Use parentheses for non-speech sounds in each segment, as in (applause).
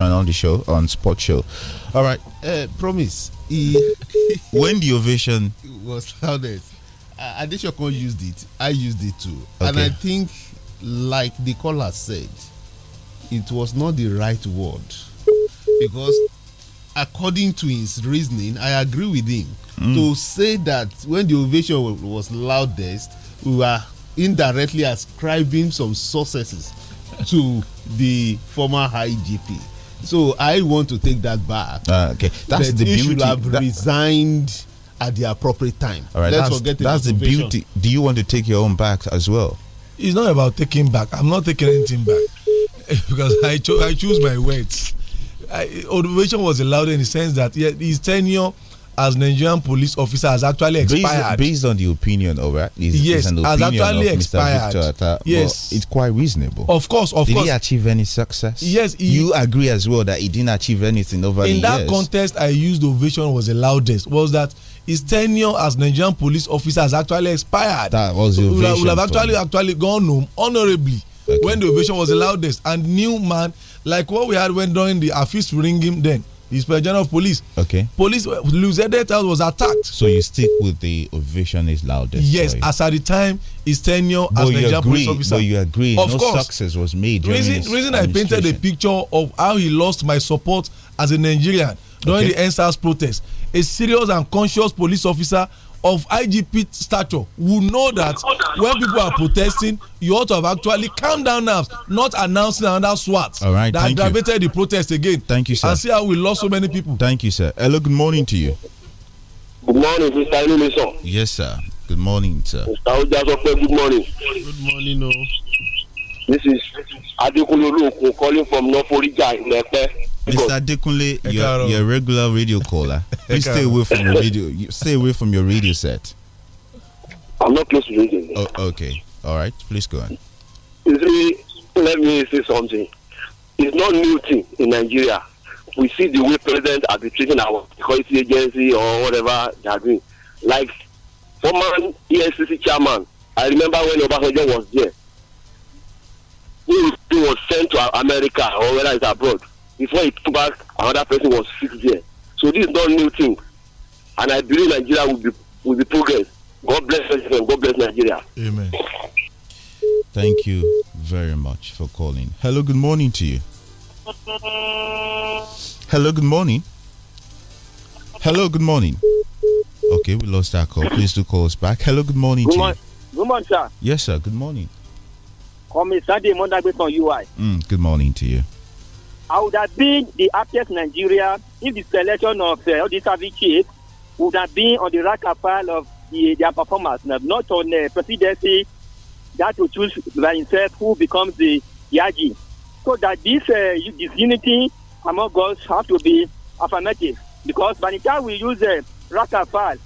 on the show on Sport Show. All right, uh, promise. (laughs) when the ovation was sounded, your call used it. I used it too, okay. and I think, like the caller said, it was not the right word because, according to his reasoning, I agree with him mm. to say that when the ovation was loudest, we were indirectly ascribing some successes to the former IGP. So I want to take that back. Uh, okay, that's the beauty. should have that resigned at the appropriate time. All right, Let's that's, forget the that's the beauty. Do you want to take your own back as well? It's not about taking back. I'm not taking anything back (laughs) because I cho I choose my words. I, was allowed in the sense that yeah, his tenure as Nigerian police officer has actually expired. Based, based on the opinion of uh, is, yes, is has actually expired. Atta, yes, it's quite reasonable. Of course, of Did course. Did he achieve any success? Yes, he, you agree as well that he didn't achieve anything over. In that contest, I used ovation was the loudest. Was that his tenure as Nigerian police officer has actually expired. That was the ovation. would have actually me. actually gone home honorably okay. when the ovation was the loudest. And new man, like what we had when during the office ringing then inspector general of police. Okay. Police Luzedet House was attacked. So you stick with the ovation is loudest. Yes, story. as at the time his tenure as Nigerian police officer. But you agree, of no course. success was made. Reason, reason I painted a picture of how he lost my support as a Nigerian during okay. the NSAS protest. A serious and conscious police officer of igp stature will know that when people are protesting you ought to have actually calmed down now, not announcing another swat all right that aggravated the protest again thank you sir and see how we lost so many people thank you sir hello good morning to you good morning mr ilumiso yes sir good morning sir mr ojasope good morning good morning o. Oh. this is adekunle olóòkun calling from in ilepe Mr. Dekunle, you're, you're, a regular radio caller. (laughs) Please stay away from your radio. Stay away from your radio set. I'm not close to radio. Oh, okay. All right. Please go on. You see, let me say something. It's not new thing in Nigeria. We see the way president are treating our security agency or whatever they're doing. Like former ESCC chairman, I remember when Obasanjo was there. He was sent to America or whether it's abroad before he took back another person was fixed there so this is not new thing and i believe nigeria will be will be progress god bless president god bless nigeria. amen thank you very much for calling hello good morning to you hello good morning hello good morning okay we lost our call please do call us back hello good morning good to morning. you good morning sir yes sir good morning call me sunday based from ui mm, good morning to you I would have been the happiest Nigeria if the selection of uh, all these service chiefs would have been on the rack and pile of the, their performance, not on the uh, presidency that will choose by himself who becomes the Yaji. So that this uh, disunity among us have to be affirmative because by the time we use the uh, rack and pile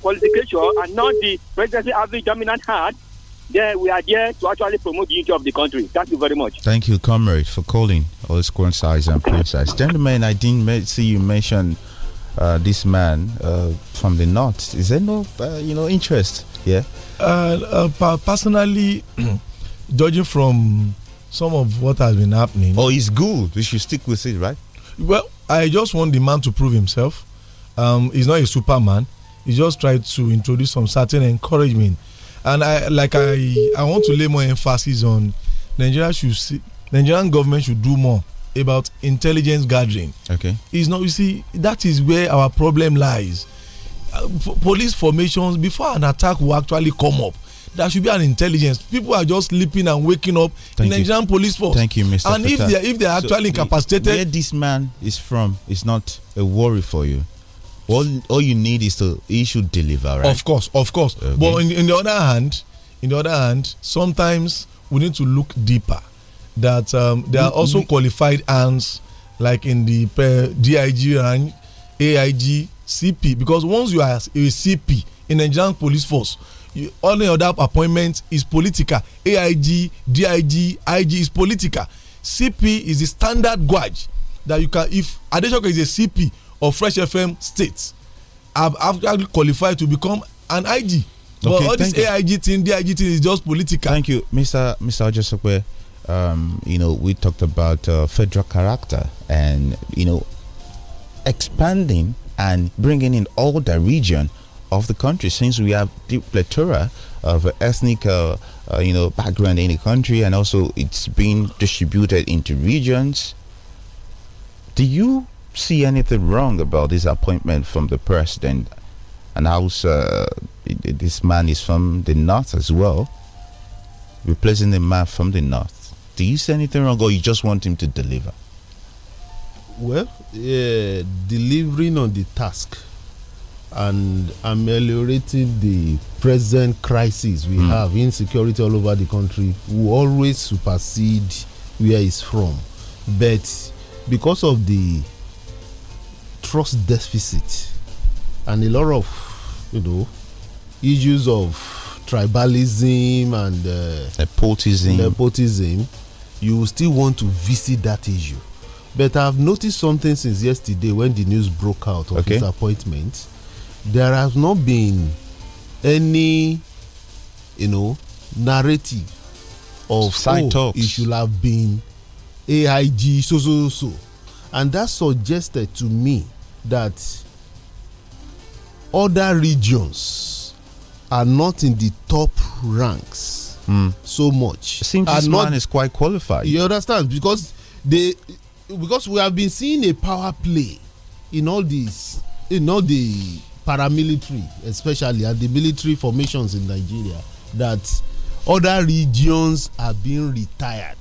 qualification and not the presidency having dominant hand, Then we are there to actually promote the unity of the country. Thank you very much. Thank you, comrade, for calling all this coincides and princess. Gentlemen, I didn't see you mention uh, this man uh, from the north. Is there no, uh, you know, interest? Yeah. Uh, uh, personally, (clears throat) judging from some of what has been happening. Oh, it's good. We should stick with it, right? Well, I just want the man to prove himself. Um, he's not a superman. He just tried to introduce some certain encouragement and I like I I want to lay more emphasis on Nigeria should see, Nigerian government should do more about intelligence gathering. Okay, is not you see that is where our problem lies. Uh, police formations before an attack will actually come up there should be an intelligence. People are just sleeping and waking up Thank in Nigerian police force. Thank you, Mr. And if they if they are so actually incapacitated, where this man is from is not a worry for you. All, all you need is to issue deliver, right? Of course, of course. Okay. But in, in, the other hand, in the other hand, sometimes we need to look deeper. That um, there are also qualified hands, like in the uh, DIG and AIG, CP. Because once you are a CP in the Nigerian police force, you, only other appointment is political. AIG, DIG, IG is political. CP is the standard gauge that you can. If Adesoka is a CP of fresh fm state have actually qualified to become an ig but okay, all this aig you. thing dig thing is just political. thank you mr mr ojosope um, you know we talked about uh, federal character and you know expanding and bringing in all the region of the country since we have the plethora of ethnic uh, uh, you know background in the country and also it's being distributed into regions do you see anything wrong about this appointment from the president. And how uh, this man is from the north as well, replacing the man from the north. Do you see anything wrong, or you just want him to deliver? Well, uh, delivering on the task and ameliorating the present crisis we mm. have insecurity all over the country will always supersede where he's from but because of the trust deficit and a lot of you know issues of tribalism and uh, nepotism. nepotism you still want to visit that issue but i've noticed something since yesterday when the news broke out of okay. his appointment there has not been any you know narrative of Side oh, talks. it should have been aig so so so and that suggested to me that other regions are not in the top ranks mm. so much. It this not, man is quite qualified. You understand because they because we have been seeing a power play in all these in all the paramilitary especially at the military formations in Nigeria that other regions are being retired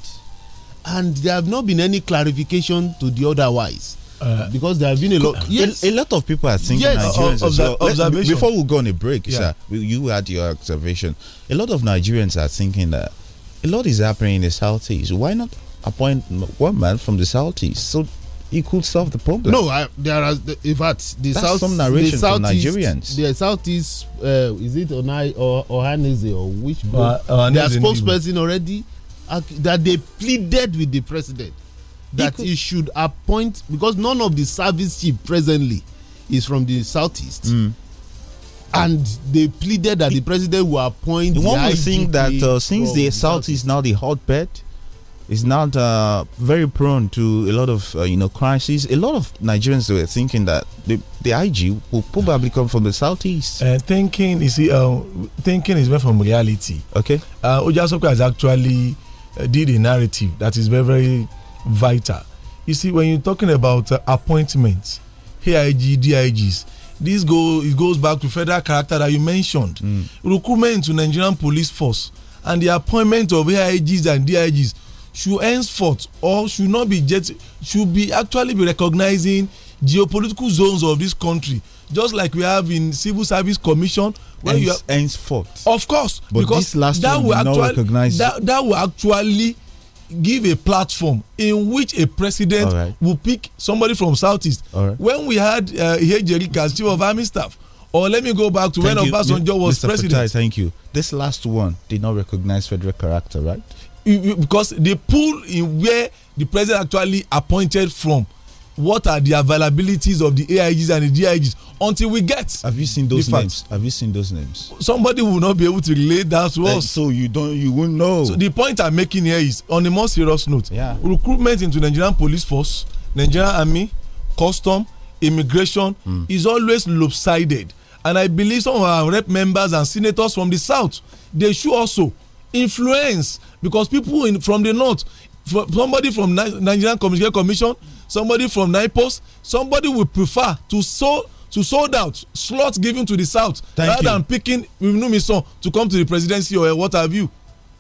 and there have not been any clarification to the otherwise Uh, because there have been a lot. Uh, yes. A, a, lot of people are thinking yes, Nigerians. Obs observation. Before we go on a break, yeah. sir, you had your observation. A lot of Nigerians are thinking that a lot is happening in the southeast. Why not appoint one man from the southeast? So he could solve the problem. No, I, there are in fact the That's south some narration the from Nigerians. The southeast uh, is it Onai or Ohanese or which? Uh, uh, their spokesperson already that they pleaded with the president that he, he, should appoint because none of the service chief presently is from the southeast. Mm. And they pleaded that the president will appoint. The one thing that uh, since the south is now the hotbed, is not uh, very prone to a lot of uh, you know crises. A lot of Nigerians were thinking that the, the IG will probably come from the southeast. Uh, thinking is uh, thinking is very from reality. Okay, uh, Ojasoka has actually uh, did a narrative that is very very vital. You see, when you're talking about uh, appointments, AIG, DIGs, this go it goes back to federal character that you mentioned. Mm. Recruitment to Nigerian police force and the appointment of AIGs and DIGs should henceforth or should not be just should be actually be recognizing geopolitical zones of this country just like we have in civil service commission. Where Hence, you have henceforth. of course but because that will, will actually, that, that will actually give a platform in which a president right. will pick somebody from southeast. Right. When we had uh, Hejeri as chief of army staff, or let me go back to thank when you, Obasanjo was Mr. president. thank you. This last one did not recognize federal character, right? Because the pool in where the president actually appointed from what are the availabilities of the AIGs and the DIGs until we get. Have you seen those names? Have you seen those names? Somebody will not be able to relate that to us. So you don't, you won't know. So the point I'm making here is, on a more serious note, yeah. recruitment into Nigerian police force, Nigerian army, custom, immigration mm. is always lopsided, and I believe some of our rep members and senators from the south they should also influence because people in, from the north somebody from nigerian commission somebody from Naipos, somebody will prefer to sell to sold out slots given to the south Thank rather you. than picking Numison to come to the presidency or what have you.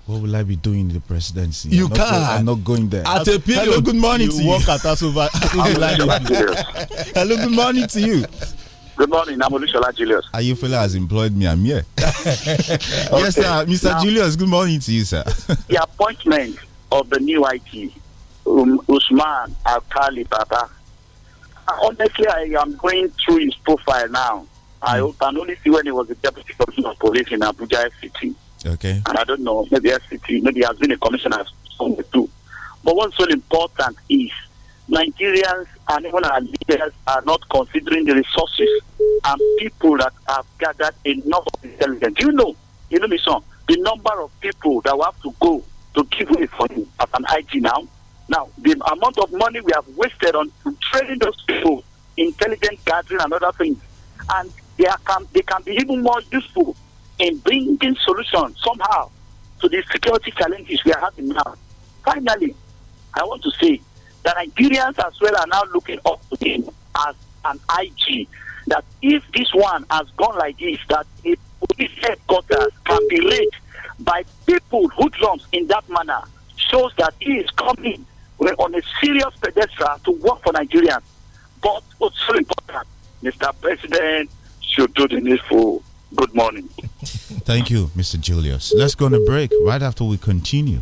What will I be doing in the presidency? You I'm can't. Not, I'm not going there. At a period. Hello, good morning you to you. Work at Asuva, (laughs) Hello, good morning to you. Good morning. I'm Olushola Julius. Are you fellow has employed me? I'm here. okay. (laughs) Yes, sir. Mr. Now, Julius, good morning to you, sir. the appointment of the new IT um, Usman Akali Baba. Ah, honestly, I am going through his profile now. I hmm. can only see when he was a deputy commissioner of police in Abuja FCT. Okay. And I don't know, maybe FCT, maybe he has been a commissioner somewhere too. But what's so important is Nigerians and even our leaders are not considering the resources and people that have gathered enough intelligence. You know, you know, me, son, the number of people that will have to go to give way for you as an IG now now, the amount of money we have wasted on training those people, intelligent gathering and other things, and they, are, can, they can be even more useful in bringing solutions somehow to the security challenges we are having now. Finally, I want to say that Nigerians as well are now looking up to him as an IG. That if this one has gone like this, that a police headquarters can be raided by people, who jumps in that manner, shows that he is coming we're on a serious pedestal to work for Nigerians. But it's so important. Mr. President should do the needful. Good morning. Thank you, Mr. Julius. Let's go on a break right after we continue.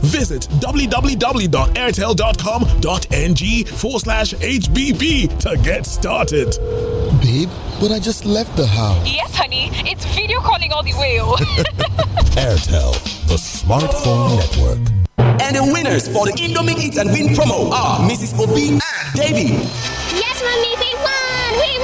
visit www.airtel.com.ng forward slash HBB to get started. Babe, but I just left the house. Yes, honey. It's video calling all the way. (laughs) Airtel, the smartphone network. And the winners for the Indomie Eat and Win promo are Mrs. Obi and Davy. Yes, mommy, we won! We won!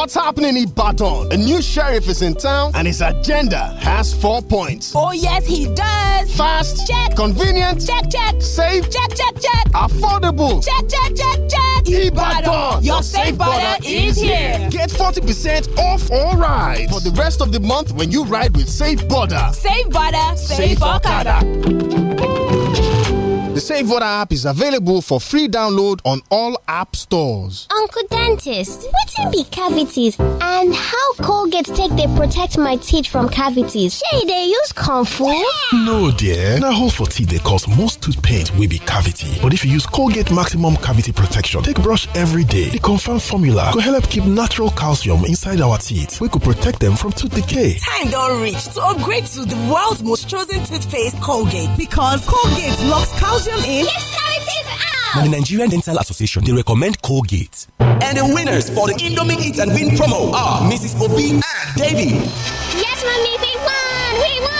What's happening in Baton. A new sheriff is in town and his agenda has four points. Oh, yes, he does. Fast. Check. Convenient. Check, check. Safe. Check, check, check. Affordable. Check, check, check, check. Ibadan, your safe border is here. Get 40% off all rides for the rest of the month when you ride with Safe Border. Safe Border. Safe, safe Okada. The Save Water app is available for free download on all app stores. Uncle Dentist, what be cavities and how Colgate take they protect my teeth from cavities? Say they use comfort? No, dear. Now, hole for teeth they cause most tooth pain will be cavity. But if you use Colgate Maximum Cavity Protection, take brush every day. The confirmed formula could help keep natural calcium inside our teeth. We could protect them from tooth decay. Time don't reach to upgrade to the world's most chosen toothpaste, Colgate. Because Colgate locks calcium calcium in? Yes, now it is out! the Nigerian Dental Association, they recommend Colgate. And the winners for the Indomie Eat and Win promo are Mrs. Obi and Davy. Yes, Mommy, we won! We won!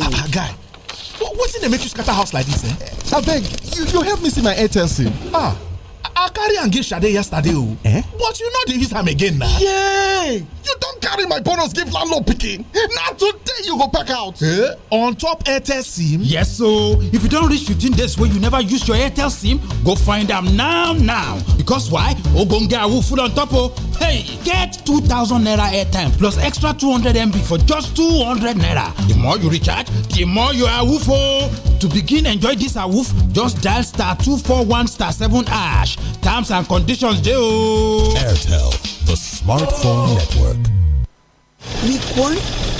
What's in the matrix scatter house like this, eh? beg, you you help me see my airtel sim. ah i carry and give shade yesterday o oh. eh but you no dey use am again nah. yay you don't carry my bonus give landlord picking. Now today you go pack out eh on top airtel sim yes so if you don't reach 15 days wey you never use your airtel sim go find am now now because why ogbonge awu full on top oh. hey get two thousand naira airtime plus extra two hundred mb for just two hundred naira the more you recharge the more you are awoof o To begin enjoy this awoof, just dial star two four one star seven ash. Terms and conditions dey ooo. Airtel, the smartphone network. Week one,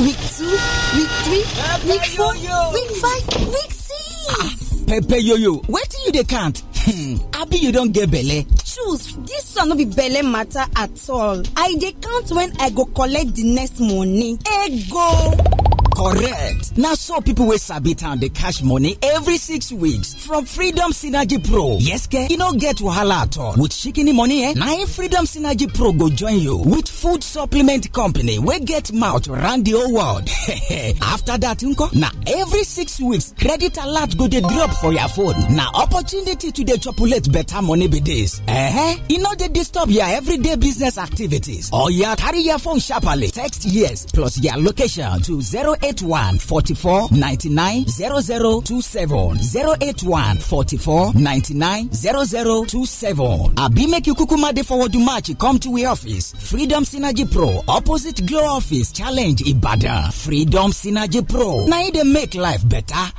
week two, week 3, week 4, week five, week six. 6. Ah, Pepper yoyo, wetin you dey count? Hmm, abi you don get belle? choose dis one no be belle matter at all. I dey count when I go collect the next money. Ego! correct Now, so people wey sabi town the cash money every six weeks from freedom synergy pro yes ke you no get wahala at all with shikini money eh now freedom synergy pro go join you with food supplement company We get mouth round the whole world (laughs) after that unko. Now every six weeks credit alert go dey drop for your phone Now opportunity to dey chopulate better money be dis eh you e no dey disturb your everyday business activities or you carry your phone sharply. text yes plus your location to 08 eight one forty four ninety nine zero zero two seven zero eight one forty four ninety nine zero zero two seven àbí make you kúkú dey forward to match. come to we office freedom synergy pro opposite glow office challenge Ibadan freedom synergy pro na e dey make life better.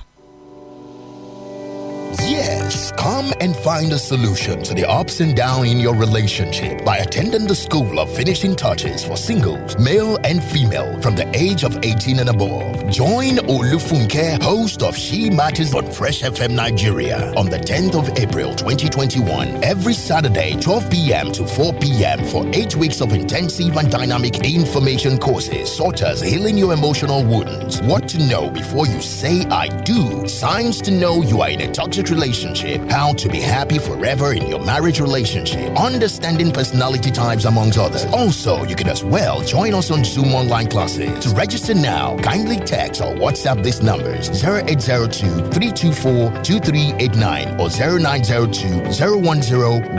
Yes. Come and find a solution to the ups and downs in your relationship by attending the School of Finishing Touches for singles, male and female, from the age of 18 and above. Join Olufunke, host of She Matters on Fresh FM Nigeria, on the 10th of April 2021, every Saturday, 12 p.m. to 4 p.m. for eight weeks of intensive and dynamic information courses such as healing your emotional wounds, what to know before you say I do, signs to know you are in a toxic relationship, how to be happy forever in your marriage relationship, understanding personality types, amongst others. Also, you can as well join us on Zoom online classes. To register now, kindly text or WhatsApp these numbers 0802 324 2389 or 0902 010 1080.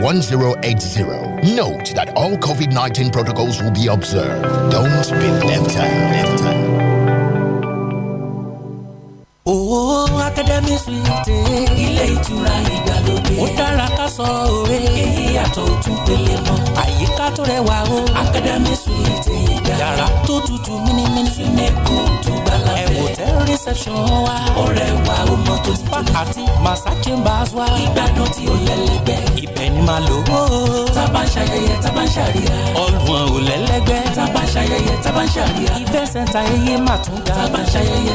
Note that all COVID 19 protocols will be observed. Don't be left out. Left out. Academy Suite. Ilé ìtura ìgbàlódé. Ó dára ká sọ òwe. Èyí yàtọ̀ òtún pele mọ́. Àyíká tó rẹwà o. Academy Suite ìgbà. Yàrá tó tutù mímímí. Súnmẹ́kù tó gbàlá fẹ́. Ẹ̀wòtẹ́ reception wa. Ó rẹwà o mọ tó ti tó. Spa àti Massa Chambers wa. Ìgbádùn tí ó lẹ́lẹ́gbẹ́. Ibẹ̀ ni màá lò ó. Tábà Ọlùwọ̀n ò lẹ́lẹ́gbẹ́. Tábà ń ṣayẹyẹ, tábà ń tún ga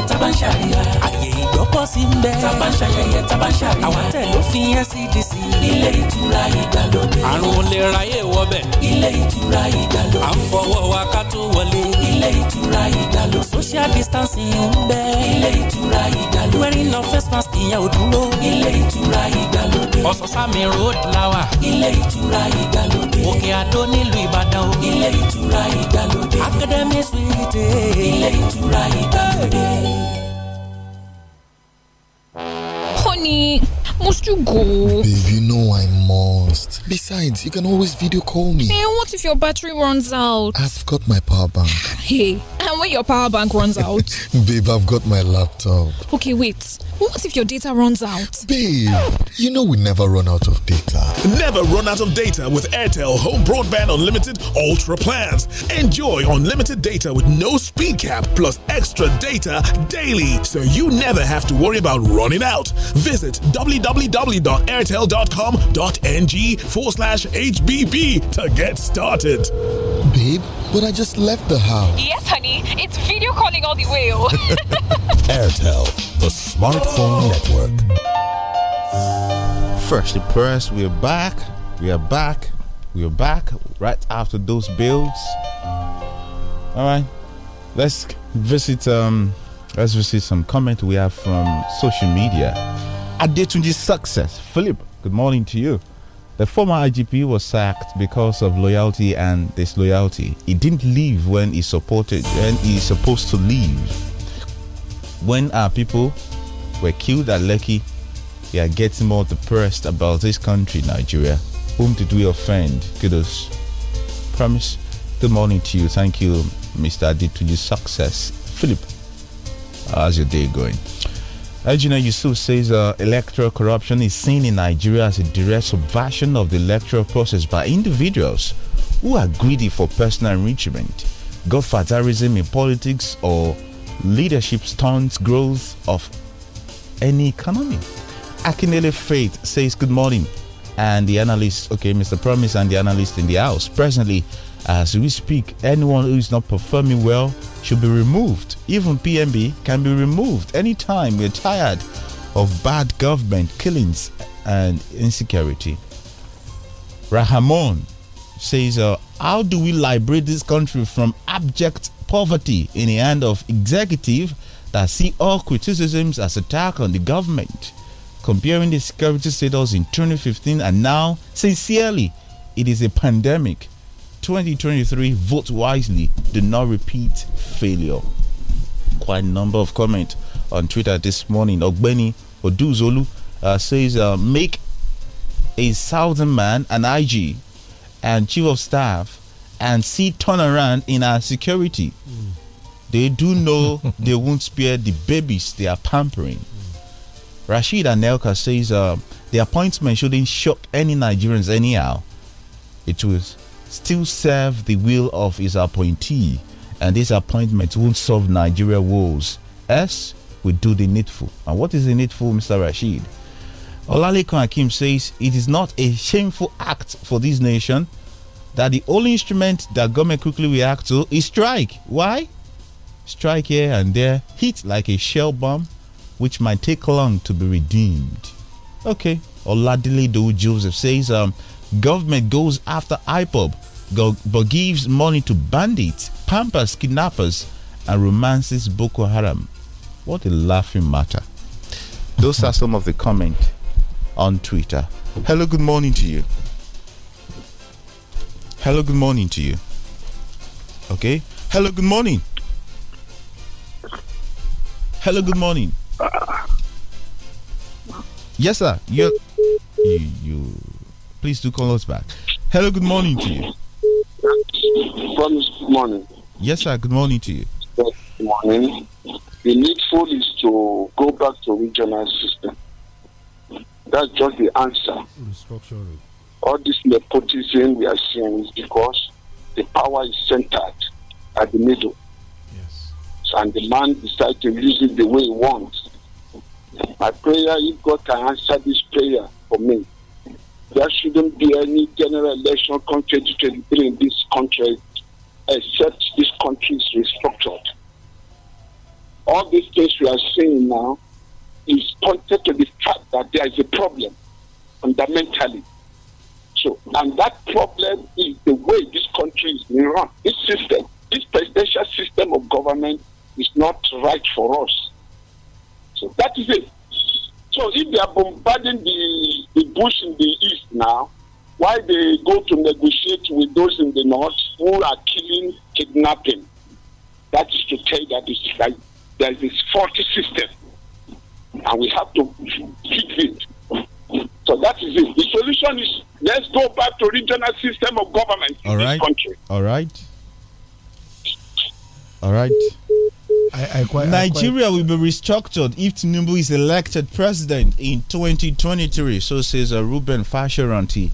ṣayẹyẹ tá bá ń ṣàríyá. àyè ìgbọ́kọ̀ sí ń bẹ. tá bá ń ṣayẹyẹ tá bá ń ṣàríyá. àwọn tẹ̀ ló fi NCDC. E ilé ìtura ìgbàlódé. àrùn olè ráyè wọbẹ̀. ilé ìtura ìgbàlódé. à ń fọwọ́ wa ká tó wọlé. ilé ìtura ìgbàlódé. social distancing ń bẹ. ilé ìtura ìgbàlódé. wearing no face mask ìyẹn ò dúró. ilé ìtura ìgbàlódé. ọ̀sán-sámi road lawa. ilé ìtura ìgbàlódé. òkè àdó nílùú ìbàdàn o. ilé ìtura ìgbàlódé. academy suite. ilé ìtura ìgbàlódé. Honey, must you go? Babe, you know I must. Besides, you can always video call me. Hey, what if your battery runs out? I've got my power bank. Hey, and when your power bank runs out? (laughs) Babe, I've got my laptop. Okay, wait. What if your data runs out? Babe, you know we never run out of data. Never run out of data with Airtel Home Broadband Unlimited Ultra plans. Enjoy unlimited data with no speed cap plus extra data daily so you never have to worry about running out. Visit www.airtel.com.ng forward slash HBB to get started. Babe, but I just left the house. Yes, honey. It's video calling all the way. Oh. (laughs) Airtel, the smartphone network. Freshly pressed, we are back. We are back. We are back right after those builds. All right, let's visit. Um, let's visit some comment we have from social media. Adetunji success, Philip. Good morning to you. The former IGP was sacked because of loyalty and disloyalty. He didn't leave when he supported when he's supposed to leave when our people were killed at Lekki, we are getting more depressed about this country, Nigeria. Whom did we offend? Kudos. Promise. Good morning to you. Thank you, Mr. your Success. Philip, how's your day going? Ejina Yusuf says uh, electoral corruption is seen in Nigeria as a direct subversion of the electoral process by individuals who are greedy for personal enrichment, godfatherism in politics, or Leadership stunts growth of any economy. Akinele Faith says, Good morning. And the analyst, okay, Mr. Promise and the analyst in the house. Presently, as we speak, anyone who is not performing well should be removed. Even PMB can be removed anytime we're tired of bad government, killings, and insecurity. Rahamon says, uh, How do we liberate this country from abject poverty in the hand of executive that see all criticisms as attack on the government. Comparing the security status in 2015 and now, sincerely, it is a pandemic. 2023, vote wisely, do not repeat failure. Quite a number of comments on Twitter this morning. Ogbeni Oduzolu uh, says, uh, make a southern man an IG and chief of staff and see turnaround in our security. Mm. They do know (laughs) they won't spare the babies they are pampering. Mm. Rashid Anelka says uh, the appointment shouldn't shock any Nigerians anyhow. It will still serve the will of his appointee, and this appointment won't solve Nigeria woes. As we do the needful. And what is the needful, Mr. Rashid? Olalekan Akim says it is not a shameful act for this nation that the only instrument that government quickly react to is strike. Why? Strike here and there, hit like a shell bomb, which might take long to be redeemed. Okay, Oladile Do Joseph says, um, government goes after IPOB, go, but gives money to bandits, pampers, kidnappers, and romances Boko Haram. What a laughing matter. Those are some of the comment on Twitter. Hello, good morning to you. Hello, good morning to you. Okay. Hello, good morning. Hello, good morning. Yes, sir. You're, you, you, please do call us back. Hello, good morning to you. Good morning. Yes, sir. Good morning to you. Good morning. The needful is to go back to regional system. That's just the answer. Restructuring all this nepotism we are seeing is because the power is centered at the middle. Yes. and the man decides to use it the way he wants. My prayer, if God can answer this prayer for me, there shouldn't be any general election come 2023 in this country except this country is restructured. All these things we are seeing now is pointed to the fact that there is a problem fundamentally so. And that problem is the way this country is being run. This system, this presidential system of government is not right for us. So that is it. So if they are bombarding the, the bush in the east now, why they go to negotiate with those in the north who are killing, kidnapping? That is to say that it's like there's this faulty system, and we have to fix it. So that is it. The solution is let's go back to regional system of government All in right. this country. All right. All right. I, I quite, Nigeria quite, will be restructured if Tinubu is elected president in 2023. So says uh, Ruben Fasheranti.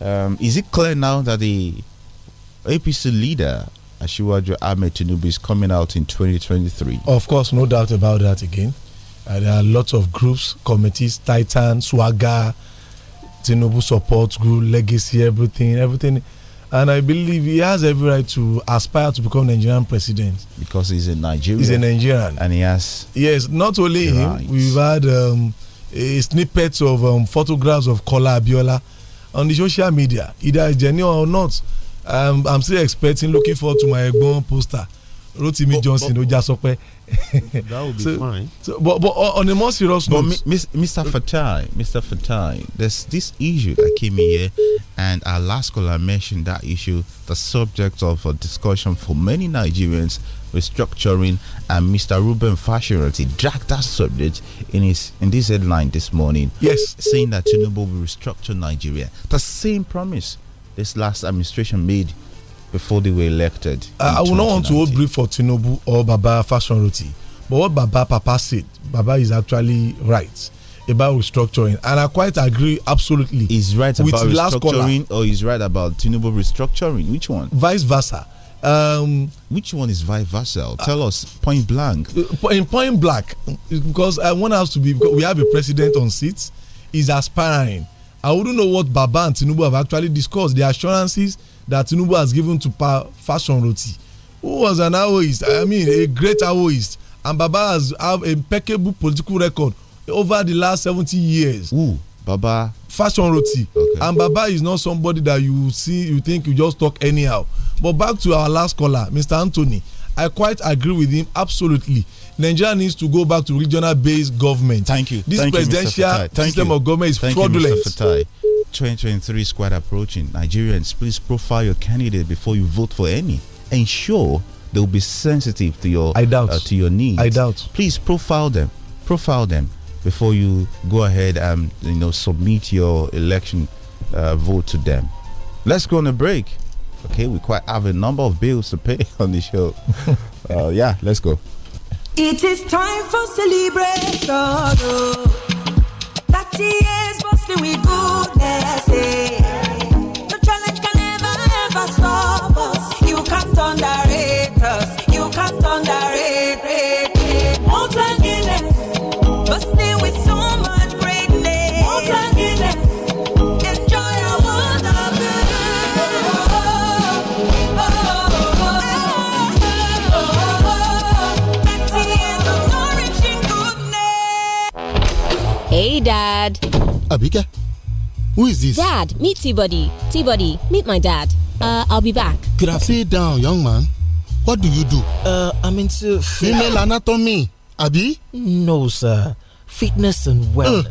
Um, is it clear now that the APC leader Ashiwaju Ahmed Tinubu is coming out in 2023? Of course, no doubt about that again. Uh, there are lots of groups, committees, Titan, Swaga, Tinubu support group, Legacy, everything, everything. And I believe he has every right to aspire to become Nigerian president. Because he's a Nigerian. He's a Nigerian. And he has. Yes, not only him, right. we've had um, snippets of um, photographs of Kola Abiola on the social media, either genuine or not. Um, I'm still expecting, looking forward to my Egbon poster. Rotimi Johnson, Ojasope. (laughs) that would be so, fine. So, but but uh, on a more serious note, Mr. Uh, Fatai, Mr. Fatai, there's this issue that came here, and our last caller mentioned that issue, the subject of a discussion for many Nigerians restructuring, and Mr. Ruben Fashirati dragged that subject in his in this headline this morning. Yes, saying that Tinubu will restructure Nigeria. The same promise this last administration made before they were elected. I would not want to hold brief for Tinubu or Baba Fashionroti, but what Baba Papa said, Baba is actually right about restructuring, and I quite agree absolutely. He's right about restructuring, or he's right about Tinubu restructuring. Which one? Vice versa. Um, Which one is vice versa? Tell uh, us point blank. Uh, in point blank, because I want us to be. we have a president on seats. Is aspiring. I wouldn't know what Baba and Tinubu have actually discussed. The assurances that Tinubu has given to pa fashion roti who was an Aoist I mean a great Aoist and Baba has have a impeccable political record over the last seventy years. Ooh. Baba. Fashion roti. Okay. And Baba is not somebody that you see, you think you just talk anyhow. But back to our last caller, Mr. Anthony, I quite agree with him absolutely. Nigeria needs to go back to regional based government. Thank you. This Thank presidential you, system you. of government is Thank fraudulent. You, 2023 squad approaching, Nigerians, please profile your candidate before you vote for any. Ensure they will be sensitive to your I doubt. Uh, to your needs. I doubt. Please profile them. Profile them before you go ahead and you know submit your election uh, vote to them. Let's go on a break. Okay, we quite have a number of bills to pay (laughs) on the show. uh, yeah, let's go. It is time for celebration. Oh. Thirty years bustling with goodness. Eh? Abike, who is this? Dad, meet T-Body. T-Body, meet my dad. Uh, I'll be back. Could I sit down, young man? What do you do? Uh, I'm into... Female anatomy, Abi? No, sir. Fitness and uh, wellness. Uh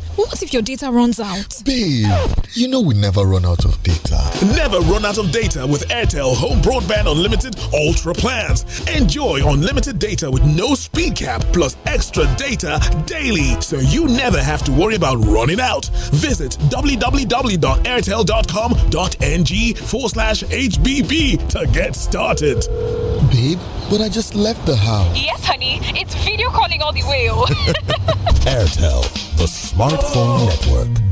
What if your data runs out? Babe, you know we never run out of data. Never run out of data with Airtel Home Broadband Unlimited Ultra Plans. Enjoy unlimited data with no speed cap plus extra data daily so you never have to worry about running out. Visit www.airtel.com.ng forward slash HBB to get started. Babe, but I just left the house. Yes, honey. It's video calling all the way. (laughs) Airtel, the smart Platform Network.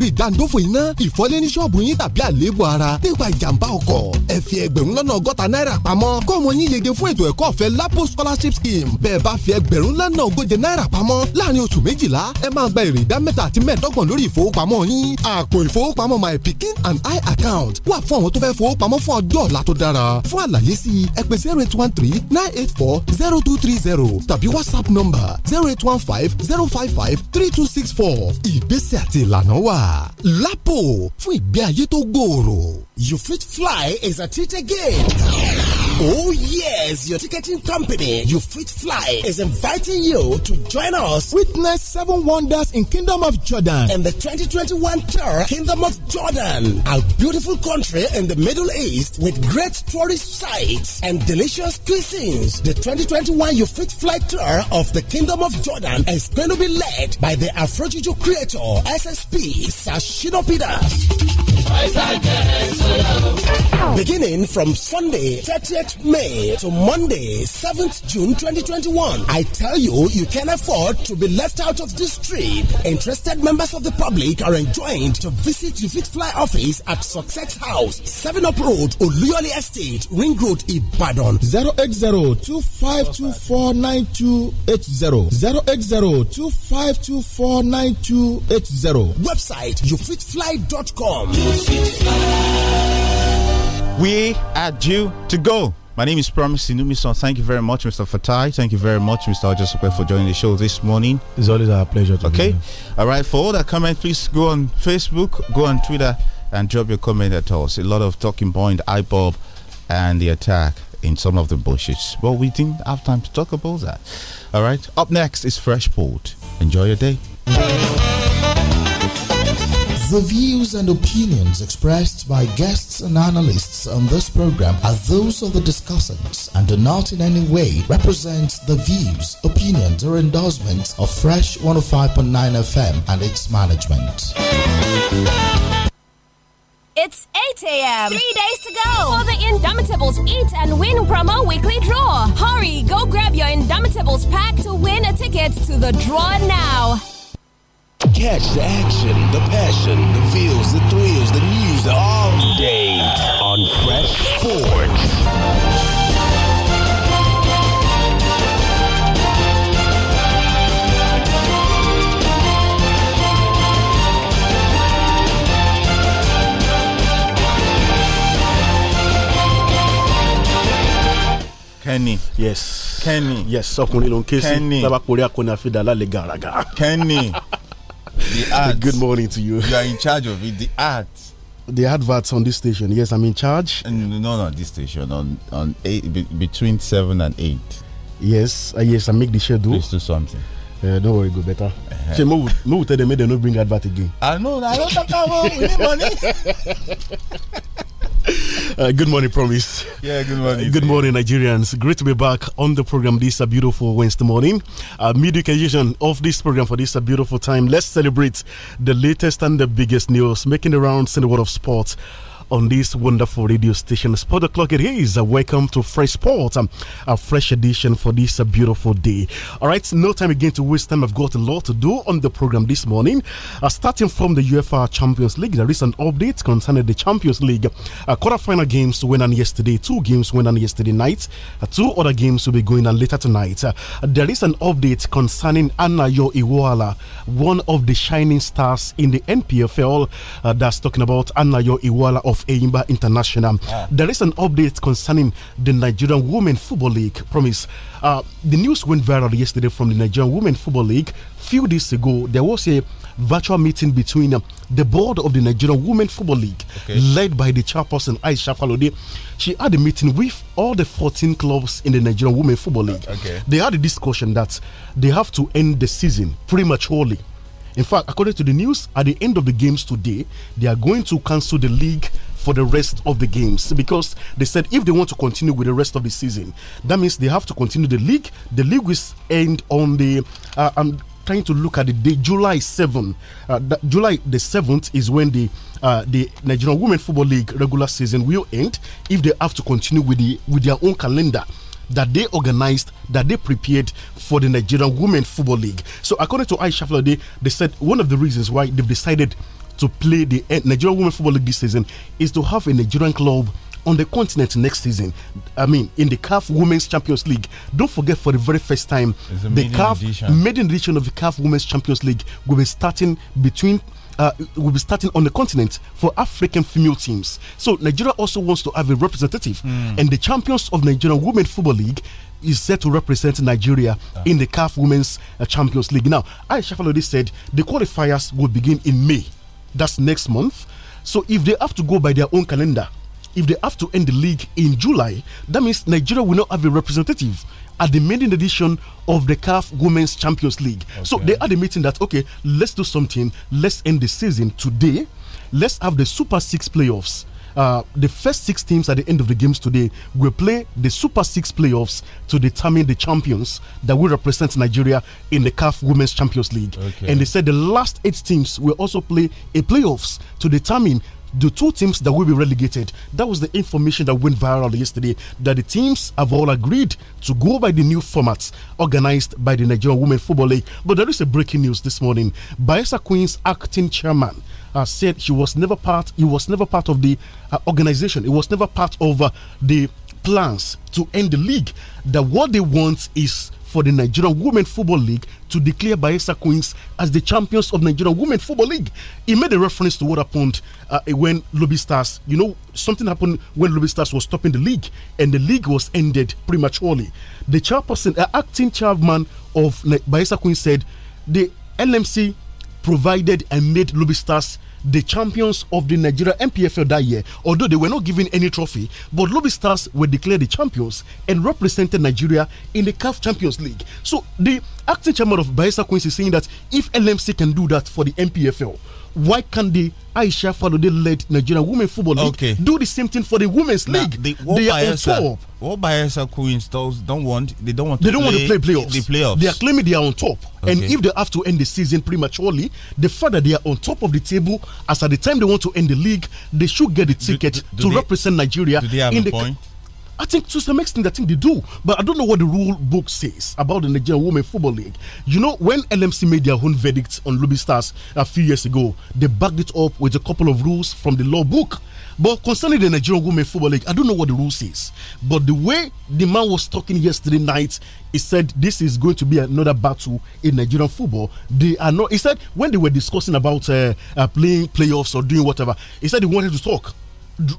pẹ̀lú ìdáǹdófò iná ìfọ́lé ní ṣọ́ọ̀bù yín tàbí àléébù ara nípa ìjàmbá ọkọ̀ ẹ fi ẹgbẹ̀rún lọ́nà ọgọ́ta náírà pamọ́ kọ́ ọmọ yín yege fún ètò ẹ̀kọ́ ọ̀fẹ́ lapo scholarship scheme bẹ́ẹ̀ bá fi ẹgbẹ̀rún lọ́nà ogóje náírà pamọ́ láàrin oṣù méjìlá ẹ máa gba èrè ìdá mẹ́ta àti mẹ́ẹ̀ẹ́dọ́gbọ̀n lórí ìfowópamọ́ yín my pikin and i account wà fún àwọn tó fẹ́ fowópamọ́ fún ọjọ́ ọ̀la tó dára fún àlàyé sí whatsapp number zero eight one five ìgbésẹ̀ àti ìlànà wà wà lápò fún ìgbé ayé tó gbòòrò you fit fly is at it again. Oh, yes, your ticketing company, You Fit Fly, is inviting you to join us. Witness seven wonders in Kingdom of Jordan and the 2021 tour Kingdom of Jordan, a beautiful country in the Middle East with great tourist sites and delicious cuisines. The 2021 You Fit Fly tour of the Kingdom of Jordan is going to be led by the Afrojuju creator, SSP Sashino Beginning from Sunday, 30th 8th May to Monday, 7th June 2021. I tell you, you can afford to be left out of this trip. Interested members of the public are enjoined to visit Refit Fly office at Success House, 7 Up Road, Oluyole Estate, Ring Road, Ibadan. 08025249280. 08025249280. Website youfitfly.com. We are due to go. My name is Promise Inumison. Thank you very much, Mr. Fatai. Thank you very much, Mr. Ojosupe, for joining the show this morning. It's always our pleasure Okay. All right. For all that comment, please go on Facebook, go on Twitter, and drop your comment at us. A lot of talking point, iBob, and the attack in some of the bushes. But we didn't have time to talk about that. All right. Up next is Freshport. Enjoy your day. The views and opinions expressed by guests and analysts on this program are those of the discussants and do not in any way represent the views, opinions, or endorsements of Fresh 105.9 FM and its management. It's 8 a.m. Three days to go for the Indomitables Eat and Win promo weekly draw. Hurry, go grab your Indomitables pack to win a ticket to the draw now catch the action, the passion, the feels, the thrills, the news all day on Fresh Sports. Kenny. Yes. Kenny. Yes, ọkùnrin ló ń ké sí. Kenny. Lábàpọ̀ orí akọni àfidà lálẹ́ gàràgà. Kenny. (laughs) The art. (laughs) Good morning to you. You are in charge of it. The art. The adverts on this station. Yes, I'm in charge. No, no, this station. On on eight be, between seven and eight. Yes, uh, yes, I make the schedule. Please do something. Uh, don't worry, go better. Uh -huh. move. tell them they don't bring advert again. I know. I don't talk about. We need money. (laughs) Uh, good morning, Promise. Yeah, good morning. Uh, good morning, Nigerians. Great to be back on the program this a uh, beautiful Wednesday morning. Uh, mid occasion of this program for this a uh, beautiful time. Let's celebrate the latest and the biggest news making the rounds in the world of sports on this wonderful radio station. Sport o'clock it is. Uh, welcome to Fresh Sport, um, a fresh edition for this uh, beautiful day. All right, no time again to waste time. I've got a lot to do on the program this morning. Uh, starting from the UEFA Champions League, there is an update concerning the Champions League. Uh, quarterfinal games went on yesterday, two games went on yesterday night, uh, two other games will be going on later tonight. Uh, there is an update concerning Anayo Iwala, one of the shining stars in the NPFL uh, that's talking about Anayo Iwala of of International. There is an update concerning the Nigerian Women Football League. Promise. Uh, the news went viral yesterday from the Nigerian Women Football League. Few days ago, there was a virtual meeting between uh, the board of the Nigerian Women Football League, okay. led by the chairperson Aisha Falode. She had a meeting with all the 14 clubs in the Nigerian Women Football League. Uh, okay. They had a discussion that they have to end the season prematurely. In fact, according to the news, at the end of the games today, they are going to cancel the league for the rest of the games because they said if they want to continue with the rest of the season, that means they have to continue the league. The league will end on the uh, I'm trying to look at the day July 7th. Uh, July the 7th is when the uh, the Nigerian Women Football League regular season will end if they have to continue with the with their own calendar that they organized, that they prepared for the Nigerian Women Football League. So, according to Aisha Flade, they said one of the reasons why they've decided to play the eh, Nigerian Women Football League this season is to have a Nigerian club on the continent next season. I mean, in the CAF Women's Champions League. Don't forget, for the very first time, the CAF maiden edition of the CAF Women's Champions League will be starting between. Uh, will be starting on the continent for African female teams. So Nigeria also wants to have a representative, mm. and the champions of Nigerian Women Football League is set to represent Nigeria ah. in the CAF Women's uh, Champions League. Now, Aisha Falodi said the qualifiers will begin in May. That's next month. So if they have to go by their own calendar, if they have to end the league in July, that means Nigeria will not have a representative at the maiden edition of the CAF Women's Champions League. Okay. So they are admitting that, okay, let's do something. Let's end the season today. Let's have the Super Six playoffs uh, the first six teams at the end of the games today will play the Super Six playoffs to determine the champions that will represent Nigeria in the CAF Women's Champions League. Okay. And they said the last eight teams will also play a playoffs to determine the two teams that will be relegated. That was the information that went viral yesterday that the teams have all agreed to go by the new formats organized by the Nigerian Women Football League. But there is a breaking news this morning. Baesa Queen's acting chairman uh, said she was never part. He was never part of the uh, organization. It was never part of uh, the plans to end the league. That what they want is for the Nigerian Women Football League to declare Bayelsa Queens as the champions of Nigerian Women Football League. He made a reference to what happened uh, when Lobby Stars, you know, something happened when Lobby Stars was stopping the league and the league was ended prematurely. The chairperson, uh, acting chairman of Bayelsa Queens said the LMC provided and made Lobby Stars the champions of the Nigeria MPFL that year, although they were not given any trophy. But Lobby Stars were declared the champions and represented Nigeria in the CAF Champions League. So the acting chairman of Baisa Queens is saying that if LMC can do that for the MPFL, why can't the Aisha the lead Nigerian Women Football League okay. do the same thing for the Women's now, League? The, they are on top. What Bielsa co-installs don't want, they don't want they don't want to play playoffs. The playoffs. They are claiming they are on top. Okay. And if they have to end the season prematurely, the fact that they are on top of the table, as at the time they want to end the league, they should get the ticket do, do, do to they, represent Nigeria in the point? I think to some extent, I think they do. But I don't know what the rule book says about the Nigerian Women Football League. You know, when LMC made their own verdict on Ruby Stars a few years ago, they backed it up with a couple of rules from the law book. But concerning the Nigerian Women Football League, I don't know what the rule says. But the way the man was talking yesterday night, he said this is going to be another battle in Nigerian football. They are not. He said when they were discussing about uh, uh, playing playoffs or doing whatever, he said he wanted to talk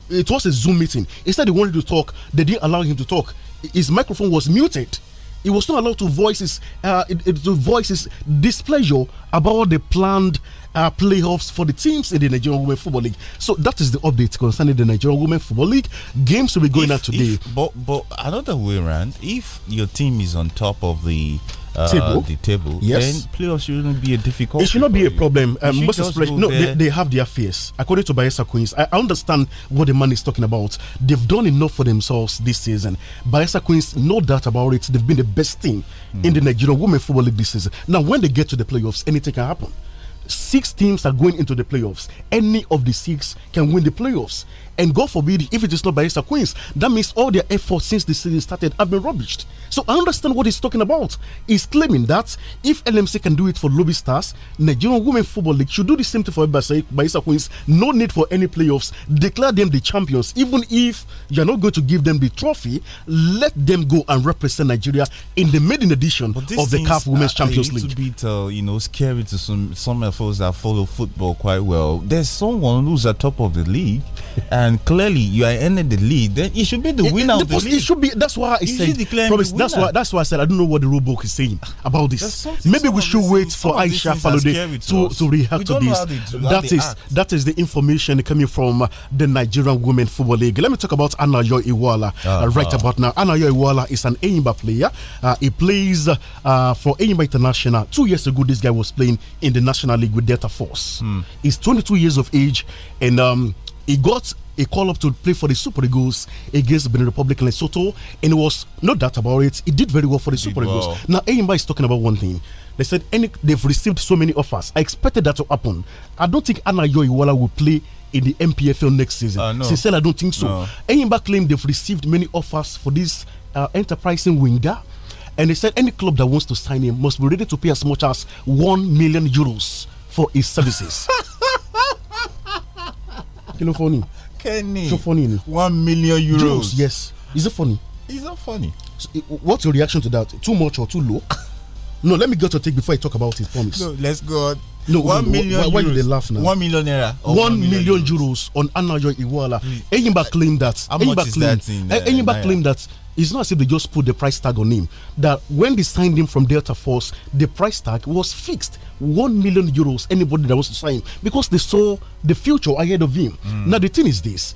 it was a Zoom meeting. Instead, he wanted to talk. They didn't allow him to talk. His microphone was muted. He was not allowed to voice his, uh, it, it, to voice his displeasure about the planned uh, playoffs for the teams in the Nigerian Women Football League. So that is the update concerning the Nigerian Women Football League. Games will be going if, out today. If, but, but another way around, if your team is on top of the uh, table. the table, yes. then playoffs shouldn't be a difficult. It should not be a problem. Um, most especially, no, they, they, have their fears. According to Bayesa Queens, I, understand what the man is talking about. They've done enough for themselves this season. Bayesa Queens, no doubt about it, they've been the best team mm. in hmm. the Nigerian Women Football League this season. Now, when they get to the playoffs, anything can happen six teams are going into the playoffs. Any of the six can win the playoffs. And God forbid, if it is not Barista Queens, that means all their efforts since the season started have been rubbished. So I understand what he's talking about. He's claiming that if LMC can do it for Lobby Stars, Nigerian Women Football League should do the same thing for Barista Queens. No need for any playoffs. Declare them the champions. Even if you're not going to give them the trophy, let them go and represent Nigeria in the maiden edition of the CAF Women's Champions League. It's a bit, uh, you know, scary to some, some of that follow football quite well, there's someone who's at top of the league, (laughs) and clearly you are in the league. Then it should be the it, winner the, the It should be. That's why I said. Promise, that's why. That's why I said I don't know what the rule book is saying about this. Maybe we should wait for Aisha Falode to, to, to react to this. that is act. that is the information coming from uh, the Nigerian Women Football League. Let me talk about Anayo Iwala uh, uh, right ah. about now. Anayo Iwala is an Enyimba player. Uh, he plays uh, for Enyimba International. Two years ago, this guy was playing in the national League with Delta Force. Mm. He's 22 years of age, and um, he got a call up to play for the Super Eagles against Benin Republic and Lesotho, and it was no doubt about it. He did very well for the Super Eagles. Well. Now, Aimba is talking about one thing. They said any, they've received so many offers. I expected that to happen. I don't think Anayo Iwala will play in the MPFL next season. Uh, no. I don't think so. No. claimed they've received many offers for this uh, enterprising winger. And they said any club that wants to sign him must be ready to pay as much as 1 million euros for his services. (laughs) kí ló fọ́ọ̀nì. kenny ṣó one million euros. yes is it funny. is that funny. So, what's your reaction to that too much or too low. (laughs) no let me get your take before i talk about it promise. no let's go on no, million. Why, why did they laugh now? One million naira. One, one million, million euros, on Anayo Iwala. Anybody hmm. Enyimba claimed that. How Enyimba much is that in, eh, uh, Enyimba claimed that it's not as if they just put the price tag on him. That when they signed him from Delta Force, the price tag was fixed. One million euros, anybody that was to sign, because they saw the future ahead of him. Mm. Now the thing is this.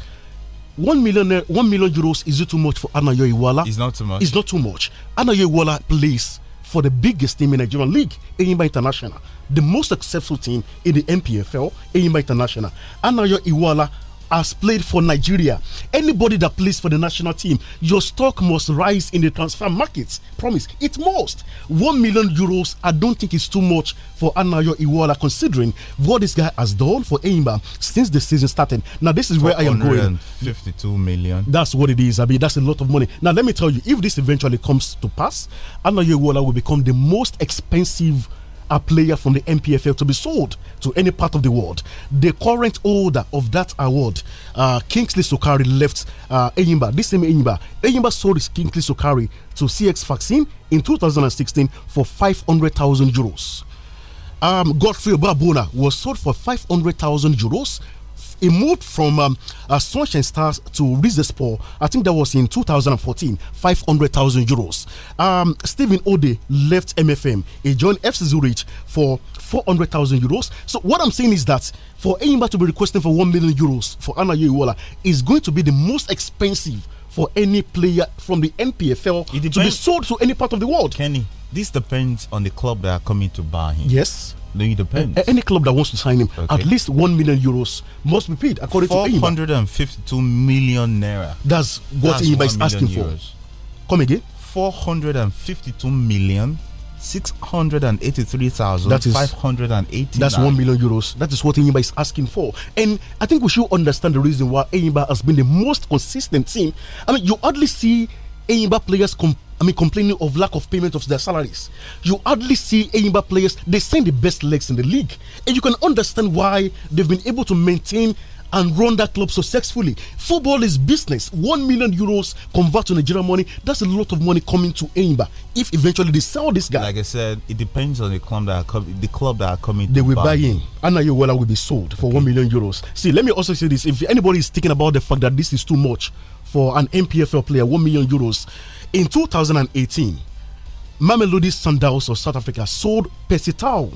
One million, eh, one million euros is it too much for Anayo Iwala? It's not too much. It's not too much. Anayo Iwala plays for the biggest team in Nigerian league, Enyimba International, the most successful team in the MPFL, Enyimba International. And now your Iwala has played for Nigeria, anybody that plays for the national team, your stock must rise in the transfer markets. Promise. It must. One million euros, I don't think it's too much for Anayo Iwala, considering what this guy has done for Aimba since the season started. Now, this is where I am going. 52 million. That's what it is. Abi. that's a lot of money. Now, let me tell you, if this eventually comes to pass, Anayo Iwala will become the most expensive a player from the MPFL to be sold to any part of the world. The current holder of that award, uh, Kingsley Sokari, left uh, Enyimba, this same Enyimba. Enyimba sold his Kingsley Sokari to CX Vaccine in 2016 for 500,000 euros. Um, Godfrey Babona was sold for 500,000 euros he moved from um, uh, Sunshine Stars to Rizespor. I think that was in 2014, 500,000 euros. Um, Stephen Ode left MFM. He joined FC Zurich for 400,000 euros. So what I'm saying is that for anybody to be requesting for 1 million euros for Anna Yuiwala is going to be the most expensive for any player from the NPFL to be sold to any part of the world. Kenny, this depends on the club that are coming to buy him. Yes. It depends. A, any club that wants to sign him, okay. at least one million euros must be paid according to Four hundred and fifty-two million naira. That's what That's is asking euros. for. Come again. Four hundred and fifty-two million. 683,580. That's 1 million euros. That is what Enyimba is asking for. And I think we should understand the reason why Enyimba has been the most consistent team. I mean, you hardly see Eimba players I mean, complaining of lack of payment of their salaries. You hardly see Eimba players, they send the best legs in the league. And you can understand why they've been able to maintain and run that club successfully. Football is business. One million euros convert to Nigerian money. That's a lot of money coming to Eimba. If eventually they sell this guy, like I said, it depends on the club that are the club that are coming. They will buy, in. Anna Anayuela will be sold for okay. one million euros. See, let me also say this: if anybody is thinking about the fact that this is too much for an MPFL player, 1 million euros. In 2018, Mamelodi Sundowns of South Africa sold Pesitao.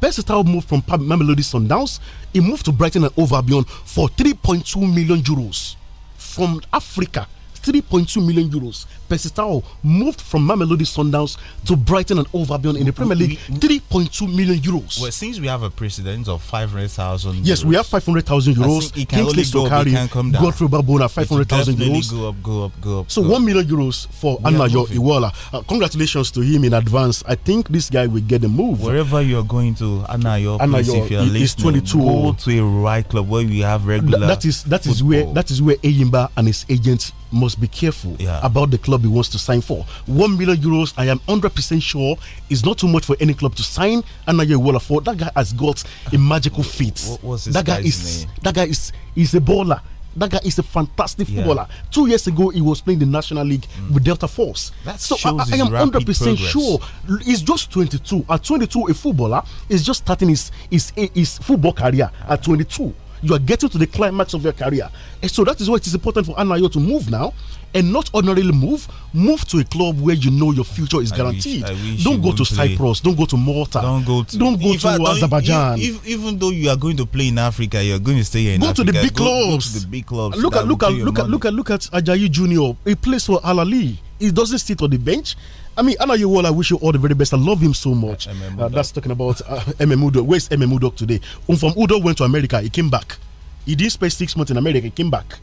Pesitao moved from Mamelodi Sundowns, he moved to Brighton and Overbeyond for 3.2 million euros from Africa. 3.2 million euros. Persistao moved from Mamelodi Sundowns to Brighton and Over Albion in the Premier League, 3.2 million euros. Well, since we have a precedent of 500,000 Yes, we have 500,000 euros. Kingsley Sokari, Godfrey Babona, 500,000 euros. Go up, go up, go up. So, go 1 million euros for Anayo Iwala. Uh, congratulations to him in advance. I think this guy will get the move. Wherever you're going to, Anayo, Anayo if you're is 22. Go to a right club where you have regular. That is, that is, where, that is where Eyimba and his agents must be careful yeah. about the club wants to sign for. One million euros, I am 100% sure, is not too much for any club to sign. And well afford. that guy has got a magical feat. that guy is name? that guy is is a baller. That guy is a fantastic yeah. footballer. Two years ago, he was playing the National League mm. with Delta Force. That so I, I am 100 percent sure. He's just 22. At 22, a footballer is just starting his his his football career at 22 you are getting to the climax of your career. And so that is why it is important for Anayo to move now and not ordinarily move, move to a club where you know your future is guaranteed. I wish, I wish don't go to play. Cyprus, don't go to Malta, don't go to, don't go to I, Azerbaijan. If, even though you are going to play in Africa, you're going to stay here. go Africa. to the big go, clubs. Go the big clubs. Look at look at look, at look at look at Ajayi Junior. He plays for Alali. He doesn't sit on the bench. I mean, Anna Yewola, I wish you all the very best. I love him so much. Uh, that's talking about uh, MM Udo. Where's MM Udo today? Um, from Udo went to America. He came back. He didn't spend six months in America. He came back.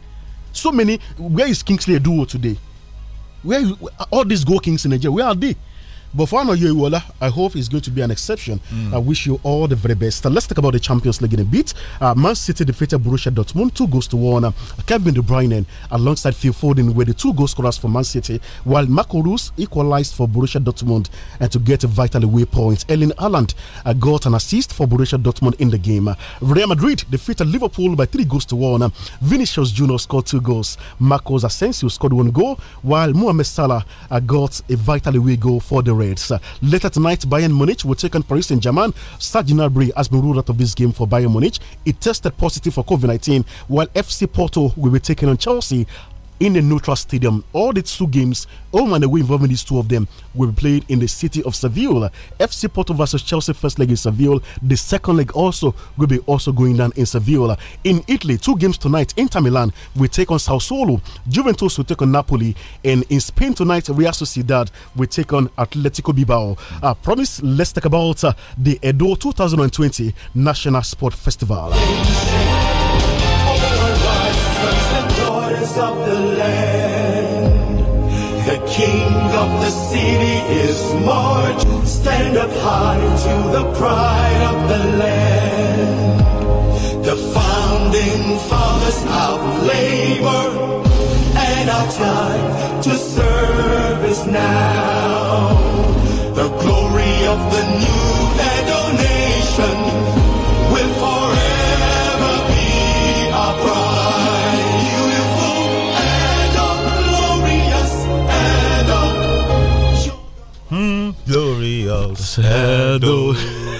So many. Where is Kingsley Duo today? Where all these go kings in Nigeria? Where are they? But for ano Yoiwola, I hope it's going to be an exception. Mm. I wish you all the very best. Uh, let's talk about the Champions League in a bit. Uh, Man City defeated Borussia Dortmund two goals to one. Uh, Kevin De Bruyne alongside Phil Foden were the two goal scorers for Man City, while Marco equalized for Borussia Dortmund and to get a vital away point. Ellen Haaland uh, got an assist for Borussia Dortmund in the game. Uh, Real Madrid defeated Liverpool by three goals to one. Uh, Vinicius Junior scored two goals. Marcos Asensio scored one goal, while Mohamed Salah uh, got a vital away goal for the Emirates. later tonight, Bayern Munich will take on Paris Saint Germain. Serge Gnabry has been ruled out of this game for Bayern Munich. He tested positive for COVID 19, while FC Porto will be taking on Chelsea in a neutral stadium. All the two games, home and away involving these two of them, will be played in the city of Seville. FC Porto versus Chelsea first leg in Seville. The second leg also will be also going down in Seville. In Italy, two games tonight. Inter Milan will take on Sassuolo. Juventus will take on Napoli. And in Spain tonight, Real Sociedad will take on Atletico Bilbao. I promise, let's talk about uh, the Edo 2020 National Sport Festival. of the land. The king of the city is march. Stand up high to the pride of the land. The founding fathers of labor and our time to serve now. The glory of the new royal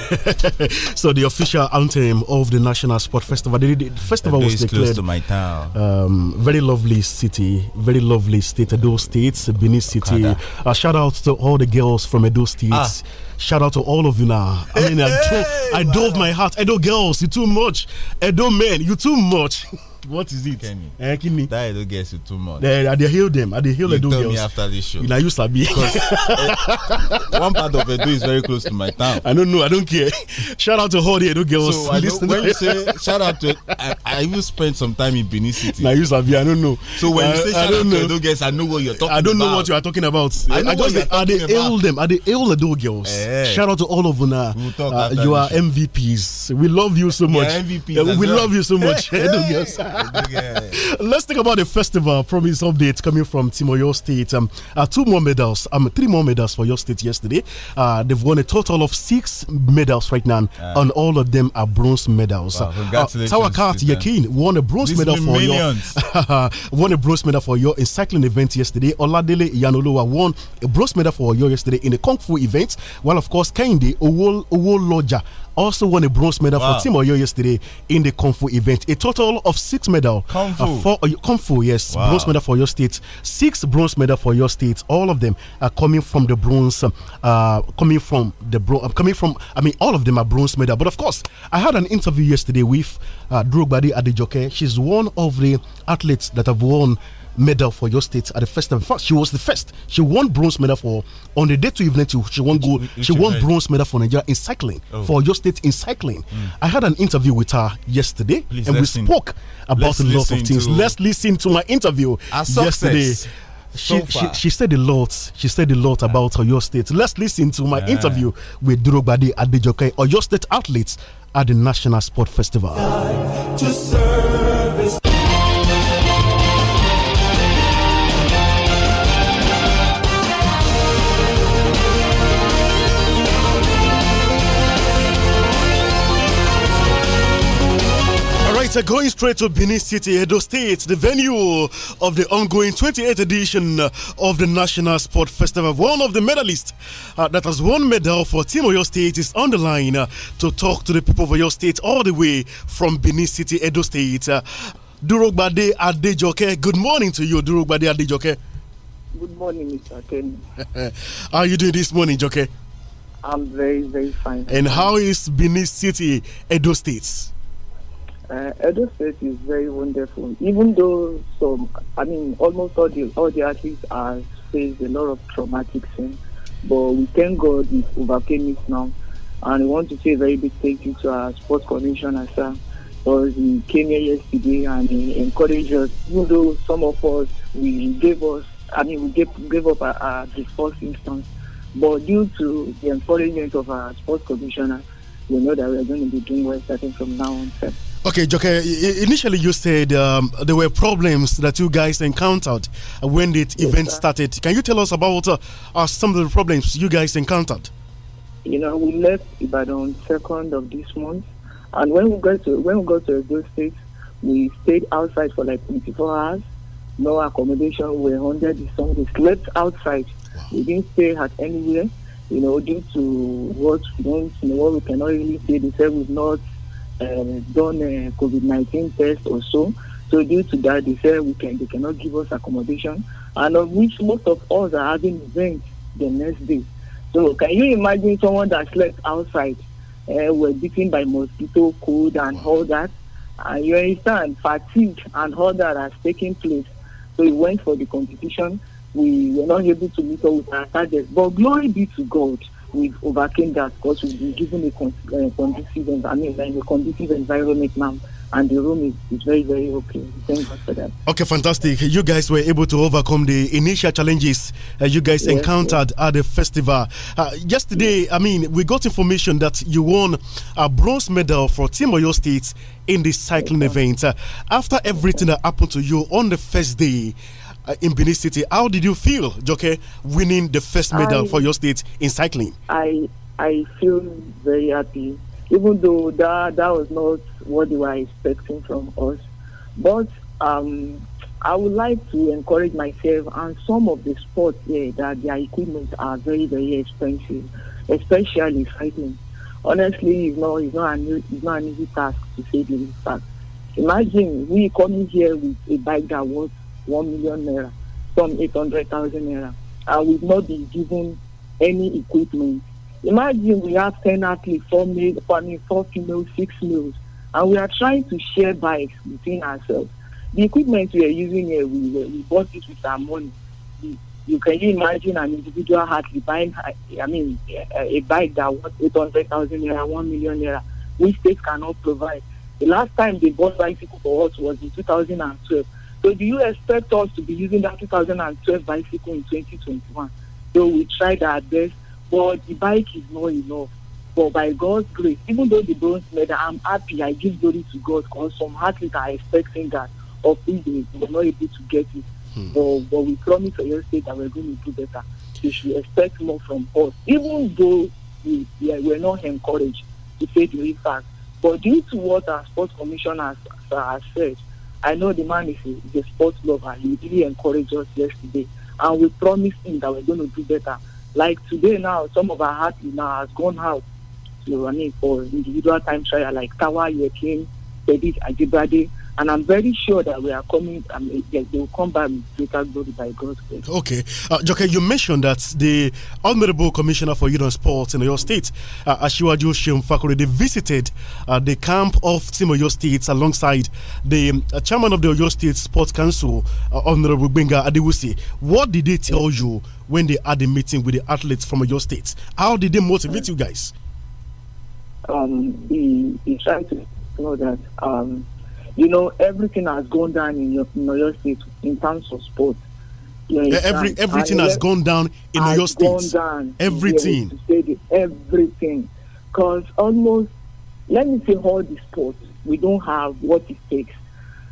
(laughs) so the official anthem of the National Sport Festival. The, the festival Edo was declared close to my town. Um, very lovely city, very lovely state. Edo State, Benin City. Uh, shout out to all the girls from Edo State. Ah. Shout out to all of you now. I mean, I, dove, I dove my heart. Edo girls, you too much. Edo men, you too much. (laughs) what is it eh kini. that edo gets you too much. Eh, i dey hail them i dey hail edo girls you tell me after this show. na you sabi. because uh, one part of edo is very close to my town. i don't know i don't care (laughs) shout out to all the edo girls. so i don't when you say shout out to i i even spent some time in benin city. na you sabi i don't know. so when uh, you say shout out know. to edo girls i know what you are talking about. i don't about. know what you are talking about. i know I just, what you are talking about. i dey hail them i dey hail edo girls. Eh. shout out to all of una. We'll uh, you are MVPs we love you so much. Yeah, MVPs uh, we love you so much (laughs) edo girls. Let's talk about the festival. From his updates coming from Timor Leste, State. Um, uh, two more medals, um, three more medals for your state yesterday. Uh, they've won a total of six medals right now, uh, and all of them are bronze medals. Wow, uh, uh, congratulations! Uh, Tawakat Yakin won a bronze medal for millions. your (laughs) won a bronze medal for your in cycling event yesterday. Oladele Yanoluwa won a bronze medal for your yesterday in the kung fu event. While of course Kende Owol Owoloja also won a bronze medal wow. for Team Oyo yesterday in the Kung Fu event. A total of six medals. Uh, Kung Fu. Uh, four, uh, Kung Fu, yes. Wow. Bronze medal for your state. Six bronze medal for your state. All of them are coming from the bronze, um, uh, coming from the bronze, uh, coming from, I mean, all of them are bronze medal. But of course, I had an interview yesterday with uh, Drogbadi Adijoke. She's one of the athletes that have won medal for your state at the first time. In fact, she was the first. She won bronze medal for on the day to evening. She won gold. She won bronze medal for Nigeria in cycling oh. for your state in cycling. Mm. I had an interview with her yesterday, Please and listen. we spoke about Let's a lot of things. Let's listen to my interview yesterday. So she, she, said a lot. She said a lot yeah. about Oyo State. Let's listen to my yeah. interview with Durobadi Adejoke, Oyo State athletes at the National Sport Festival. right, going straight to Benin City, Edo State, the venue of the ongoing 28th edition of the National Sport Festival. One of the medalists uh, that has won medal for Team Oyo State is on the line uh, to talk to the people of Oyo State all the way from Benin City, Edo State. Uh, Durogbade Adejoke, good morning to you, Durogbade Adejoke. Good morning, Mr. Ken. (laughs) how are you doing this morning, Joke? I'm very, very fine. And how is Benin City, Edo State? uh, Edo State is very wonderful. Even though some, I mean, almost all the all the athletes are faced a lot of traumatic things, but we thank God we overcame it now. And I want to say a very big thank you to our sports commissioner, sir, because he came here yesterday and he encouraged us. Even though some of us we gave us, I mean, we gave, gave up at the first instance, but due to the encouragement of our sports commissioner, we know that we are going to be doing well starting from now on. Sir. Okay, Joke, initially you said um, there were problems that you guys encountered when the yes, event sir. started. Can you tell us about uh, uh some of the problems you guys encountered? You know, we left Ibadan 2nd of this month, and when we got to when we got to Edo State, we stayed outside for like 24 hours. No accommodation, we were under the sun. We slept outside. Wow. We didn't stay at anywhere. You know, due to what we don't, you know, what we cannot really stay. They said we've not um, done a uh, COVID 19 test or so. So due to that, they said we can they cannot give us accommodation, and of which most of us are having events the next day. So can you imagine someone that slept outside, uh, were bitten by mosquito, cold, and all that? And you understand fatigue and all that has taken place. So we went for the competition. We were not able to meet up with our targets, but glory be to God we've overcame that because we've been given a con- uh, conducive, I mean, a conducive environment ma'am, and the room is, is very, very okay. Thank God for that. Okay, fantastic. You guys were able to overcome the initial challenges uh, you guys yes, encountered yes. at the festival. Uh, yesterday, yes. I mean, we got information that you won a bronze medal for Team Oyo State in the cycling event. Uh, after everything that happened to you on the first day, uh, in Benin City. How did you feel, Joke, winning the first medal I, for your state in cycling? I I feel very happy, even though that that was not what they were expecting from us. But um, I would like to encourage myself and some of the sports there that their equipment are very very expensive, especially cycling. Honestly, it's not it's not an, it's not an easy task to say the least. Imagine we coming here with a bike that was 1 million naira, some 800,000 naira. I will not be given any equipment. Imagine we have 10 athletes, 4 males, 4 females, 6 males, and we are trying to share bikes between ourselves. The equipment we are using here, we, we bought it with our money. The, you can you imagine an individual athlete buying, I mean, a, a bike that was 800,000 naira, 1 million naira, which states cannot provide. The last time they bought bicycle for us was in 2012. So do you expect us to be using that 2012 bicycle in 2021? So we tried our best, but the bike is not enough. But by God's grace, even though the bronze medal, I'm happy. I give glory to God because some athletes are expecting that, or if they were not able to get it. Hmm. But, but we promise Oyo State that we're going to do better. You should expect more from us, even though we, yeah, we're not encouraged to say the facts. But due to what our sports commissioner has, has said, I know the man is a, is a sports lover. He really encouraged us yesterday. And we promised him that we're going to do better. Like today now, some of our heart now has gone out to running for individual time trial like Tawa Yekin, David Ajibade, and I'm very sure that we are coming. I um, mean, they, they will come back with greater glory by God's grace. Okay, uh, you mentioned that the Honourable Commissioner for Youth and Sports in your state, uh, Ashiwaju Shemfakuri, they visited uh, the camp of Team Oyo State alongside the um, uh, Chairman of the Oyo State Sports Council, uh, Honourable Benga Adewusi. What did they tell you when they had the meeting with the athletes from Oyo State? How did they motivate you guys? Um, he, he tried to know that. Um, you know, everything has gone down in your, in your state in terms of sports. Yeah, every everything has gone down in your state. Down, everything. Everything. Because almost, let me say, all the sports, we don't have what it takes.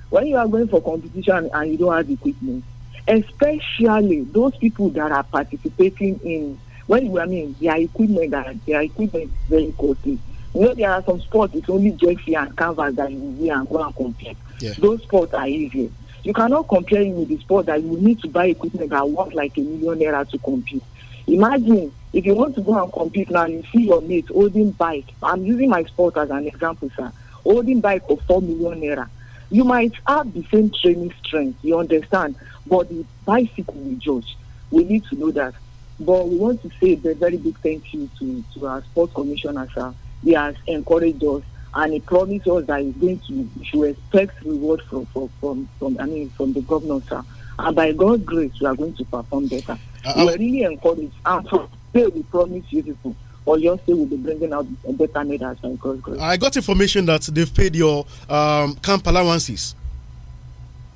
When you are going for competition and you don't have equipment, especially those people that are participating in, when I mean, their equipment, their equipment is very costly. You know, there are some sports, it's only jersey and canvas that you wear and go and compete. Yeah. Those sports are easy. You cannot compare it with the sport that you need to buy equipment that worth like a millionaire to compete. Imagine if you want to go and compete now, you see your mate holding bike. I'm using my sport as an example, sir. Holding bike of four million naira. You might have the same training strength, you understand, but the bicycle will judge. We need to know that. But we want to say a very big thank you to, to our sports commissioner, sir he has encouraged us and he promised us that he's going to should expect reward from from from, from I mean from the governor sir. And by God's grace, we are going to perform better. Uh, we uh, are really encouraged. And so today we promise you people. Or your state will be bringing out better measures. by God's grace. I got information that they've paid your um, camp allowances.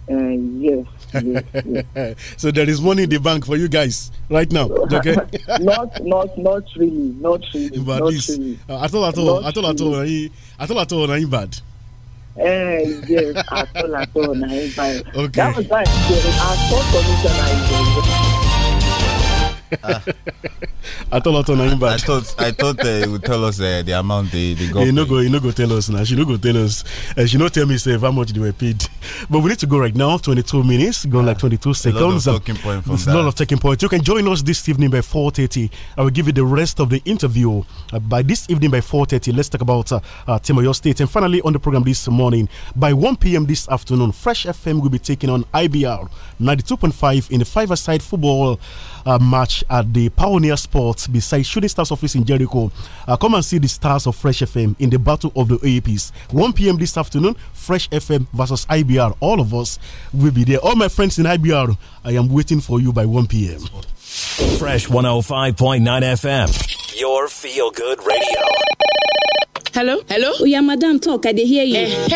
Uh, yes. (laughs) so there is money in the bank for you guys right now. Okay. (laughs) not not not really, not really. But not this, really. Uh, at all at all, at all at all, at all at all, at you bad. Eh, yes, at all at all, bad. (laughs) Okay. That was I Our commissioner uh, I, I thought I thought they uh, would tell us uh, the amount they, they got. You no go, you no go tell us now. She no go tell us. Uh, she no tell me say how much they were paid. But we need to go right now. 22 minutes, gone like ah, 22 seconds. A lot of talking point from that. A lot of talking point. You can join us this evening by 4:30. I will give you the rest of the interview uh, by this evening by 4:30. Let's talk about uh, uh, Timoyo State and finally on the program this morning by 1 p.m. this afternoon. Fresh FM will be taking on IBR 92.5 in the 5 side football uh, match at the Pioneer Sports beside Shooting Stars office in Jericho. Uh, come and see the stars of Fresh FM in the battle of the AAPs. 1 p.m. this afternoon, Fresh FM versus IBR. All of us will be there. All my friends in IBR, I am waiting for you by 1 p.m. Fresh 105.9 FM, your feel good radio hello hello oh yeah madam talk i hear you eh,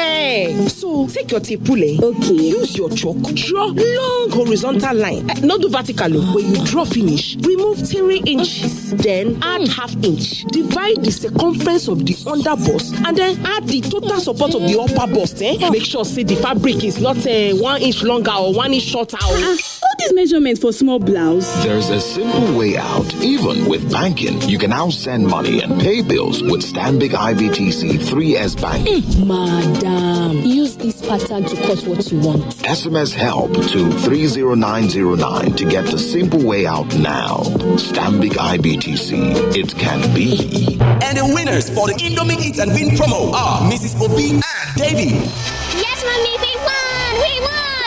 hey so take your tipule okay use your chalk draw long horizontal line eh, Not do vertical o oh. when you draw finish remove three inches then add half inch divide the circumference of the under bust and then add the total support of the upper bust eh oh. make sure say the fabric is not eh, one inch longer or one inch shorter o oh. ah, all these measurements for small blouse there's a simple way out even with banking you can now send money and pay bills with stanbic ib CTC 3S Bank. Hey, eh, madam, use this pattern to cut what you want. SMS help to 30909 to get the simple way out now. Stambic IBTC. It can be. And the winners for the Indomie Eat and Win promo are Mrs. Obi and Davy. Yes, mommy, we won! We won!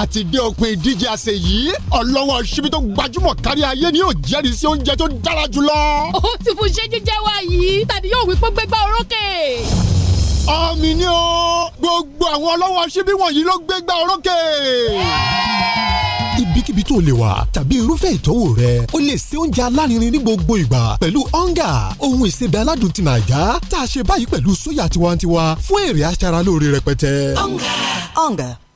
àti dé òpin ìdíje àṣẹ yìí ọlọ́wọ́ ṣíbí tó gbajúmọ̀ kárí ayé ni yóò jẹ́rìí sí oúnjẹ tó dára jùlọ. ó ti fún ṣẹ́jú jẹ́ wá yìí tàbí yóò wí pé gbégbá orókè. ọmọ ni o gbogbo àwọn ọlọ́wọ́ ṣíbí wọ̀nyí ló gbégbá orókè. Yeah! ibikíbi tó lè wà tàbí irúfẹ́ ìtọ́wò rẹ o lè ṣe oúnjẹ alárinrin ní gbogbo ìgbà pẹ̀lú ọ̀ngà ohun ìsebẹ̀ aládùn ti Nàìjà tá a ṣe báyìí pẹ̀lú sóyà tiwantiwa fún èrè aṣaralóore rẹpẹtẹ. ọ̀ngà ọ̀ngà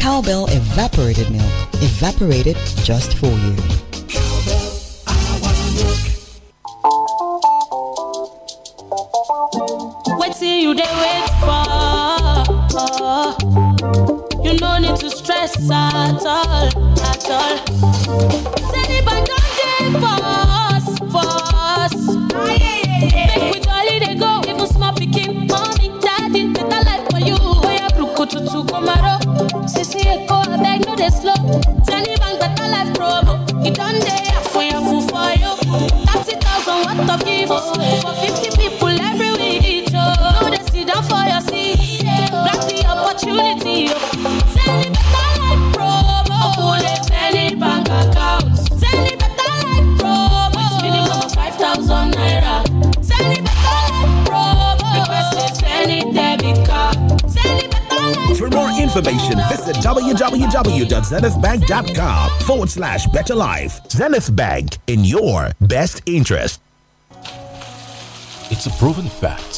Cowbell evaporated milk, evaporated just for you. Cowbell, wait till you they wait for. You no need to stress at all, at all. Send it back on day for us, for us. Make we jolly they go, even small picking, mommy, daddy, better life for you. Oya brukutu kumaro, shake, oh, I beg no, they slow. information, visit www.zenithbank.com forward slash better life. Zenith Bank, in your best interest. It's a proven fact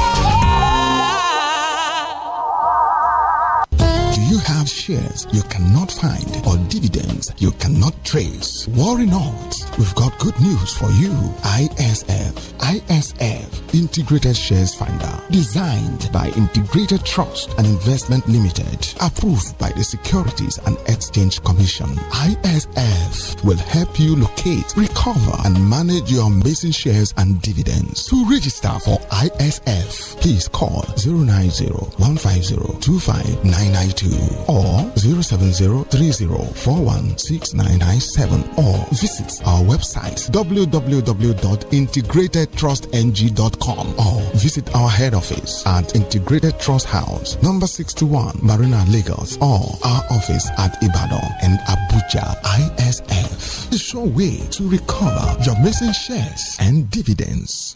I've shares you cannot find or dividends you cannot trace. Worry not, we've got good news for you. ISF, ISF, Integrated Shares Finder, designed by Integrated Trust and Investment Limited, approved by the Securities and Exchange Commission. ISF will help you locate, recover, and manage your missing shares and dividends. To register for ISF, please call 090 150 25992 or call or visit our website www.integratedtrustng.com or visit our head office at Integrated Trust House, number 61 Marina Lagos or our office at Ibadan and Abuja ISF. The sure way to recover your missing shares and dividends.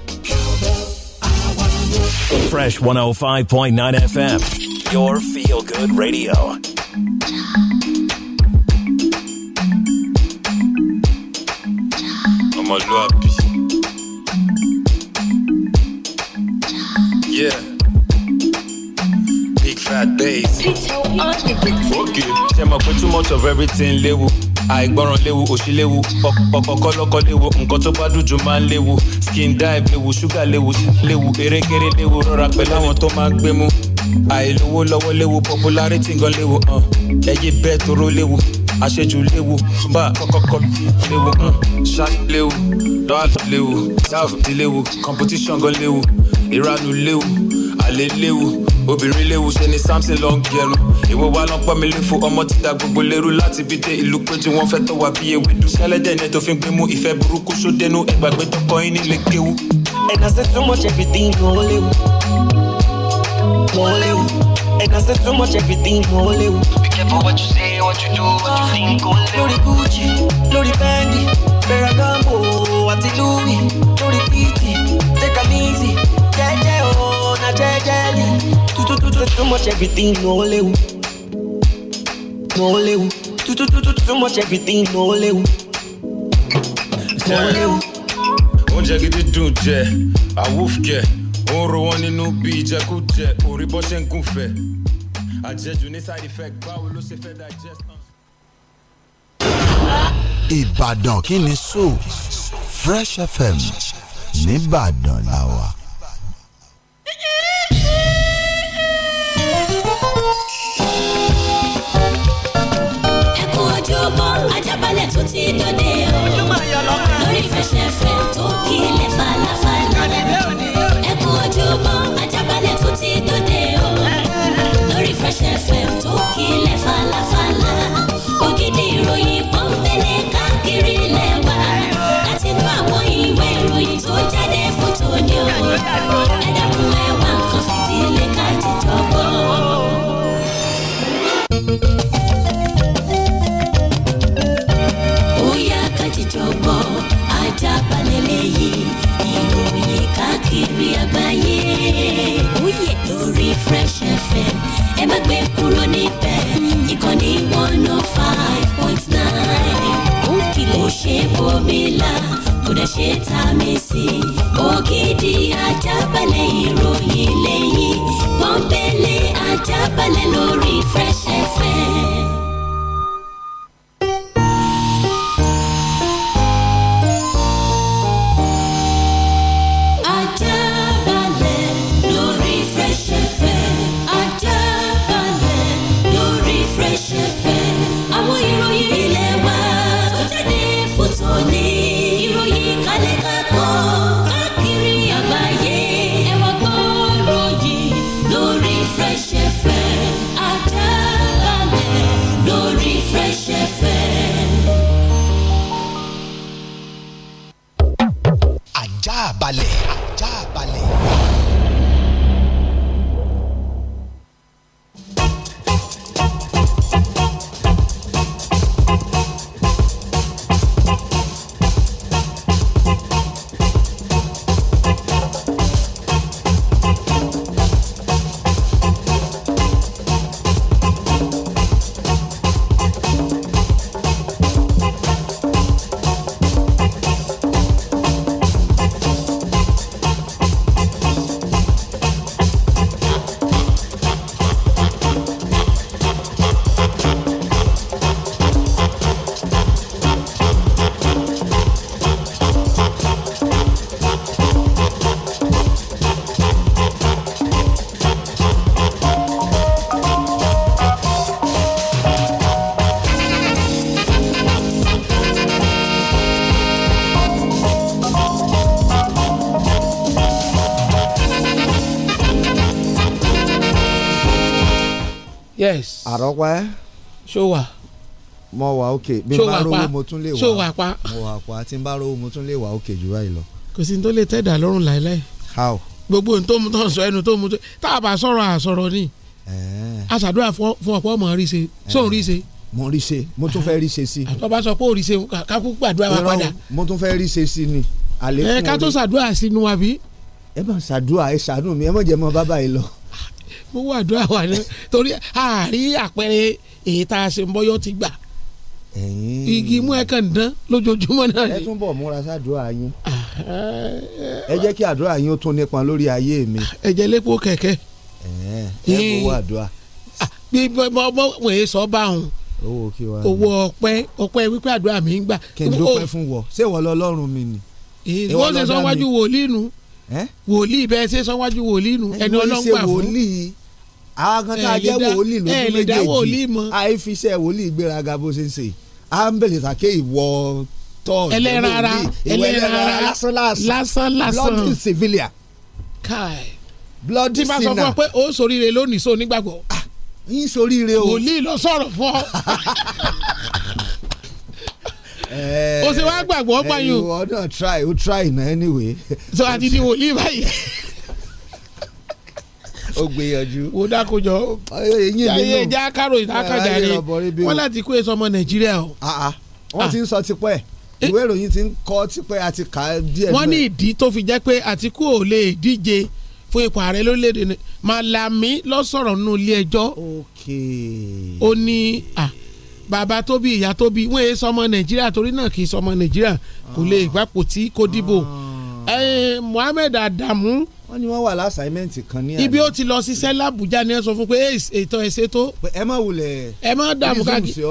Fresh 105.9 FM, your feel good radio. I'm a lobby. Yeah. Big fat days. Okay. Tell my put too much of everything, little. àìgbọràn léwu òṣì léwu ọ̀kọ̀ọ̀kọ̀ lọ́kọ̀ léwu nǹkan tó bá dùn jù máa ń léwu skin dive léwu ṣúgà léwu léwu erékeré léwu rọra pẹ̀lú àwọn tó máa ń gbé mú àìlówó lọ́wọ́ léwu popularity gan léwu hàn uh. ẹyí bẹ́ẹ̀ toró léwu àṣejù léwu bá kọ́kọ́kọ́ léwu ṣáà uh. léwu dọ́àlù léwu dáàbò léwu competition gan léwu ìranu léwu àlè léwu obìnrin léwu ṣe ni samson ló ń gẹrun ìwé wa ló ń pọ́n mi léfo ọmọ títa gbogbo lérú láti bí dé ìlú pé tí wọ́n fẹ́ tọ́ wa bí ewédú ṣẹlẹ́dẹ̀ ni ẹ tó fi gbé mú ìfẹ́ burúkú sódẹ́nu ẹgbàgbé tọkọ yín nílé kéwu. and I said too much everything holy, lewu lewu and I said too much everything holy, lewu. be careful what you say what you do what you think o lewu. lórí gucci lórí bendy ferragamo àti louis lórí títì take a easy jẹ́jẹ́. na jẹ́jẹ́lì. Tutututu too much everything no léwu. No léwu. Tutututu too much everything no léwu. No léwu. Oúnjẹ gidi dùn jẹ, àwùfẹ́, ó ń ro wọn nínú bí ìjẹkújẹ, orí bọ́ ṣe ń gúnfẹ̀. Àjẹjù ní side effect báwo ló ṣe fẹ́ digest. Ìbàdàn kí ni so Fresh FM nìbàdàn làwà. ó ti dòde o lórí falafala ẹ kú ojúmọ́ ajábalẹ̀ tó ti dòde o lórí falafala ògidì ìròyìn pọ́npẹ́lẹ́ káàkiri lẹ́wà láti inú àwọn ìwé ìròyìn Àjààbálẹ̀ lẹ́yìn ìròyìn káàkiri àgbáyé lórí Fresh FM ẹ má gbé kúrò níbẹ̀ ìkànnì one oh five point nine ó kìlọ̀ ṣe bòmílà kò dẹ̀ ṣe tá a mi sí ògidì Àjààbálẹ̀ ìròyìn lẹ́yìn pọ́npẹ́lẹ́ Àjààbálẹ̀ lórí Fresh FM. rọ́pẹ́. ṣó wà. mo wà òkè bí n bá rówó mo tún lè wà. ṣó wà pa. mo wà pa tí n bá rówó mo tún lè wà òkè jù báyìí lọ. kò sí ní tó lè tẹ̀dá lọ́rùn láéláé. how. gbogbo n tó mu tó ń sọ ẹnu tó mu tó tá a bá sọ̀rọ̀ àsọ̀rọ̀ ni. aṣàdúrà fún ọ̀pọ̀ ọmọ rí ṣe sóun rí ṣe mo rí ṣe mo tún fẹ́ rí ṣe sí. àtọ́ bá sọ pé ò rí ṣe kákú gbàdúrà wa padà. mo tún fẹ́ rí ṣe sí ni. ẹ ká tó ṣàdúrà sínú wa bí. ẹ bá ṣàdúrà ẹ ṣàánú mi ẹ má jẹ́ mọ́ bàbá yìí lọ gbogbo àdúrà wà ní torí àárí àpẹẹrẹ èyí tá a ṣe ń bọ́yọ́ ti gbà igi mú ẹ kàn dán lójoojúmọ́ náà ni. ẹ tún bọ̀ múra sádùúrà yín ẹ jẹ́ kí àdúrà yín ó tún nípa lórí ayé mi. ẹ jẹ́ lépo kẹ̀kẹ́. ẹ ẹ gbowó àdúrà. Ah, bí mo wọ̀ ẹ́ sọ bá òun owó kí wàá owó ọpẹ́ ọpẹ́ wípé àdúrà mi ń gbà. kí n dúpẹ́ fún wọ ṣé wọ́n lọ lọ́rùn mi ni. ìwọ ṣe sọ wájú wòlíì nu wòlíì bẹ́ẹ̀ ṣe sọ wájú wòlíì nu ẹni ọlọ́ngbà fún àwọn kan tá a jẹ́ wòlíì lójú méjèèjì àìfiṣẹ́ wòlíì gbéraga bó ṣe ń ṣe à ń bèlè sàké ìwọ tọ́ọ̀dù ẹlẹ́rara ẹlẹ́rara lásán lásán bloody civilian. káì bloody sinner tí bá sọ fún ọ pé ó ṣoríire lónìí so nígbàgbọ́. yín ṣoríire o wòlíì lọ sọ̀rọ̀ fún ọ (laughs) eh, o ṣe wá gbàgbọ́ pààyàn. ẹ̀yin ọ̀dọ̀ try o try na anyway. so àti di wòlíì báyìí. (laughs) ó gbìyànjú. wò dákúnjọ yàyẹ ẹja káròyìn lákàjà rẹ wọn láti kó èso e nàìjíríà o. Ah, ah. Ah. wọ́n ti ń sọ tipẹ́ eh. ìwé ìròyìn ti ń kọ́ tipẹ́ àti kà á díẹ̀. wọ́n ní ìdí tó fi jẹ́ pé àtìkù ò lè díje fún ipò ààrẹ lórílẹ̀ malami lọ sọ̀rọ̀ nínú ilé ó ní bàbá tó ìyá tó bí wọ́n èé nàìjíríà torí náà kì í sọmọ nàìjíríà kò lè gbapò tí kò dìbò eh, Mohammed Adamu wọ́n ní wọ́n wà lásàímẹ́ǹtì kan ní àná. ibi ó ti lọ ṣiṣẹ́ l'Abuja ni ẹ sọ fún pé ètò ẹ̀ṣẹ̀ tó. ẹ má wulẹ̀ ẹ má dààmú káàkiri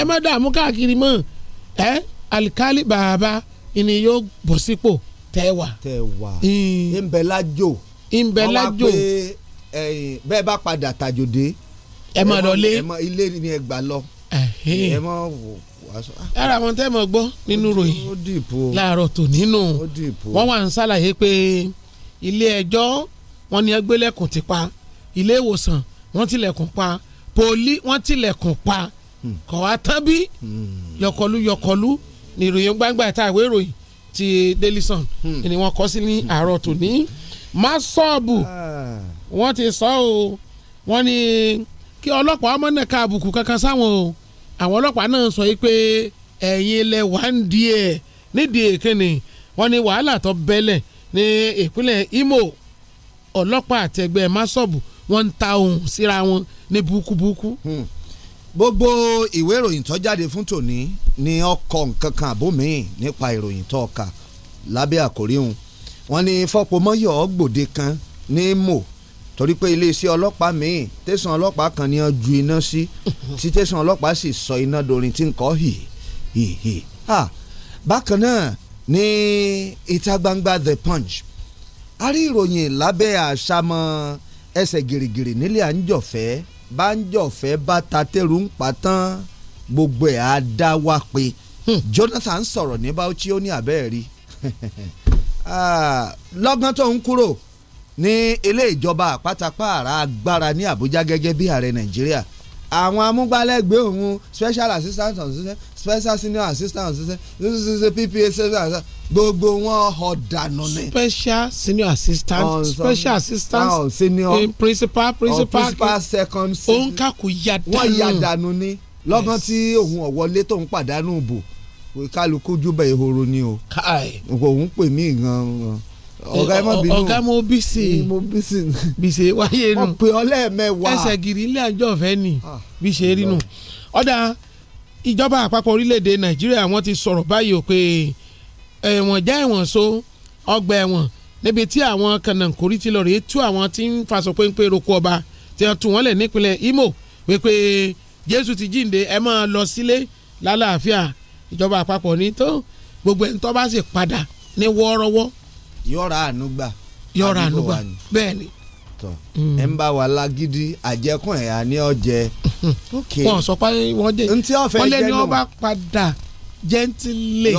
ẹ má dààmú káàkiri mọ́ ẹ alikali bàbá ni yóò bọ̀ sípò tẹ́wà. tẹ́wà ìmbẹ́lájò. Hmm. ìmbẹ́lájò wọ́n wá pé bẹ́ẹ̀ bá padà tàjòdè. ẹ má lọ lé ilé ni ẹ gbà lọ. ẹ má wò aṣọ. ara ah. wọn tẹ́ mọ̀ gbọ́ nínú ròyìn láàárọ̀ tò nínú wọ́n wà ń ṣàlàyé pé ilé ẹjọ́ wọ́n ní ẹgbẹ́lẹ́kùn ti pa ilé ìwòsàn wọ́n tilẹ̀kùn pa poli wọ́n tilẹ̀kùn pa hmm. kọ̀ wá tán bí hmm. yọkọlú yọkọlú ní ìròyìn gbangba ìta ìwé ìròyìn ti Daily Sun hmm. ni wọ́n kọ sí ní àárọ̀ tòní masọ́ọ̀bù ah. wọ́n ti sọ o wọ́n ní kí ọlọ́pàá ọmọ náà ka àbùkù kankan sáwọn o àwọn ọlọ́pàá náà sọ yìí pé ẹ̀yin ilẹ̀ wà ń di ẹ̀ nídìí èkéne wọ́n ní wàhálà tó bẹ́lẹ̀ ní ìpínlẹ̀ Imo ọlọ́pàá àtẹgbẹ́ masọ́ọ̀bù wọ́n ń ta ohun síra wọn ní bukubuku. Hmm. gbogbo ìwé ìròyìn tó jáde fún tòní ni ọkọ̀ nǹkan kan àbómiì nípa ìròyìn tó ọkà lábẹ́ àkórí òun wọ́n ní fọ́pomọ́yọ̀ gbòde kan ní Imo torí pé iléeṣẹ́ ọlọ́pàá míì tẹ̀sán ọlọ́pàá kan ni wọ́n ju iná sí tí tẹ̀sán ọlọ́pàá sì sọ iná dorin tí ń kọ́ hì hì hì bákan náà ní ìta gbangba the punch a rí ìròyìn lábẹ́ àṣàmọ́ ẹsẹ̀ gìrìgìrì nílé à ń jọ̀fẹ́ bá ń jọ̀fẹ́ bá ta tẹ́rù ń pa tán gbogbo ẹ̀ á dá wá pé hmm, Jonathan sọ̀rọ̀ ní Bauchi ó ní abẹ́ẹ̀ rí (laughs) ah, lọ́gán tó ń kúrò ní ilé ìjọba àpátápá àrà agbára ní Àbújá gẹ́gẹ́ bí ààrẹ Nàìjíríà àwọn amúgbálẹ́gbẹ̀ẹ́ òun special assistant ọ̀ṣiṣẹ́ special senior assistant ọ̀ṣiṣẹ́ ppa ṣẹ́ṣẹ́ gbogbo wọn ọ̀dànù ni. special senior assistant on, special assistant on, senior eh, principal principal principal eh, second senior òun kàkó yàdànù. wọ́n yàdànù ni lọ́gán tí òun ọ̀wọ́lé tóun pàdánù bò kálukú júbẹ̀ ìhoro ni o. káì. òun pè mí gan-an ọ̀gá ẹ má bínú ọ̀gá mo bísè mo bísè bísè wáyé nu wọ́n pe ọlẹ́ẹ̀mẹ́wàá ẹsẹ̀ gírí ilé àjọ ọ̀fẹ́ ni ah, bí ṣe rí nu ọ̀dà ìjọba àpapọ̀ orílẹ̀-èdè nàìjíríà wọ́n ti sọ̀rọ̀ báyìí o pé ẹ̀wọ̀n já ẹ̀wọ̀n so ọgbà ẹ̀wọ̀n níbi tí àwọn kànáńkórí ti lọ rèé tú àwọn tí ń faṣọ péńpé roko ọba tí wọ́n tú wọ́n lẹ̀ nípínlẹ̀ Imo wípé Jésù ti jíǹde ẹ máa lọ sílé lálàáfíà ìjọba àpapọ̀ ní tó gbogbo ẹni tó bá sì padà ní wọ́ọ́rọ́wọ́ yọ̀ọ̀rà àánú gbà. yọ̀ọ̀rà àánú gbà bẹ́ẹ̀ ni. Hmm. ẹ ń bá wa lágídí àjẹkùn ẹ̀yà ni ọ jẹ. (laughs) wọn sọ pé wọn jẹ wọn lé ní ọba padà gentile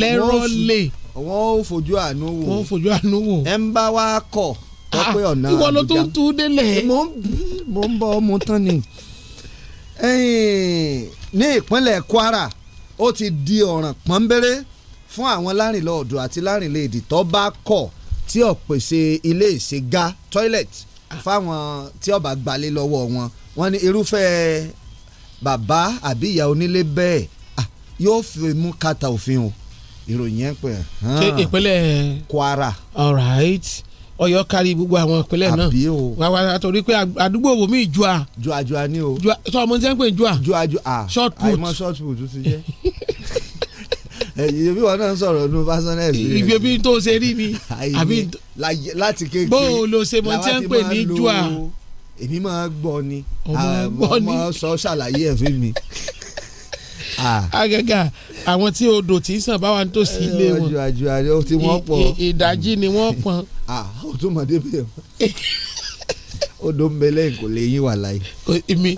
lẹ́rọ̀lẹ̀. wọn ò fojú àánú wò. wọn ò fojú àánú wò. ẹ ń bá wa kọ̀ tọ́pẹ́ ah, ọ̀nà àbújá ìwọ ló tó ń tú délẹ̀. mo ń bọ ọmọ tán ni ní ìpínlẹ̀ Kwara ó ti di ọ̀ràn pọ́nbẹ́rẹ́ fún àwọn lárìnlọ àti lárìnléèdè tó bá kọ̀ tí ó pèsè ilé ìṣègá toilet fáwọn tí ó gbalé lọ́wọ́ wọn wọ́n ní irúfẹ́ bàbá àbí ìyá onílé bẹ́ẹ̀ yóò fi mú kàtà òfin o ìròyìn yẹn pẹ̀. ṣé ìpínlẹ̀ Kwara. all right ọyọ kárí gbogbo àwọn ìpínlẹ̀ náà wà wà torí pé àdúgbò wo mi jua. jua jua ni o. jua sọ ọmọ tí wọn jua. jua jua ah short put àìmọ short put tún ti jẹ. (laughs) ẹ̀yìn bí wọn náà ń sọ̀rọ̀ nu personal experience. ibi tó ṣe rí mi. àbí láti kékeré bó o ṣe mo ti ń pè ní jua. èmi máa gbọ́ ni ọmọ sọ ṣàlàyé ẹ̀ fún mi. àgàgà àwọn tí odò tí ń sàn bá wa ń tòsí ilé wọn. ìdajì ni wọ́n pọn. ó tún mọ̀ débẹ̀ odò ń bẹlẹ kò lè yín wà láyé. èmi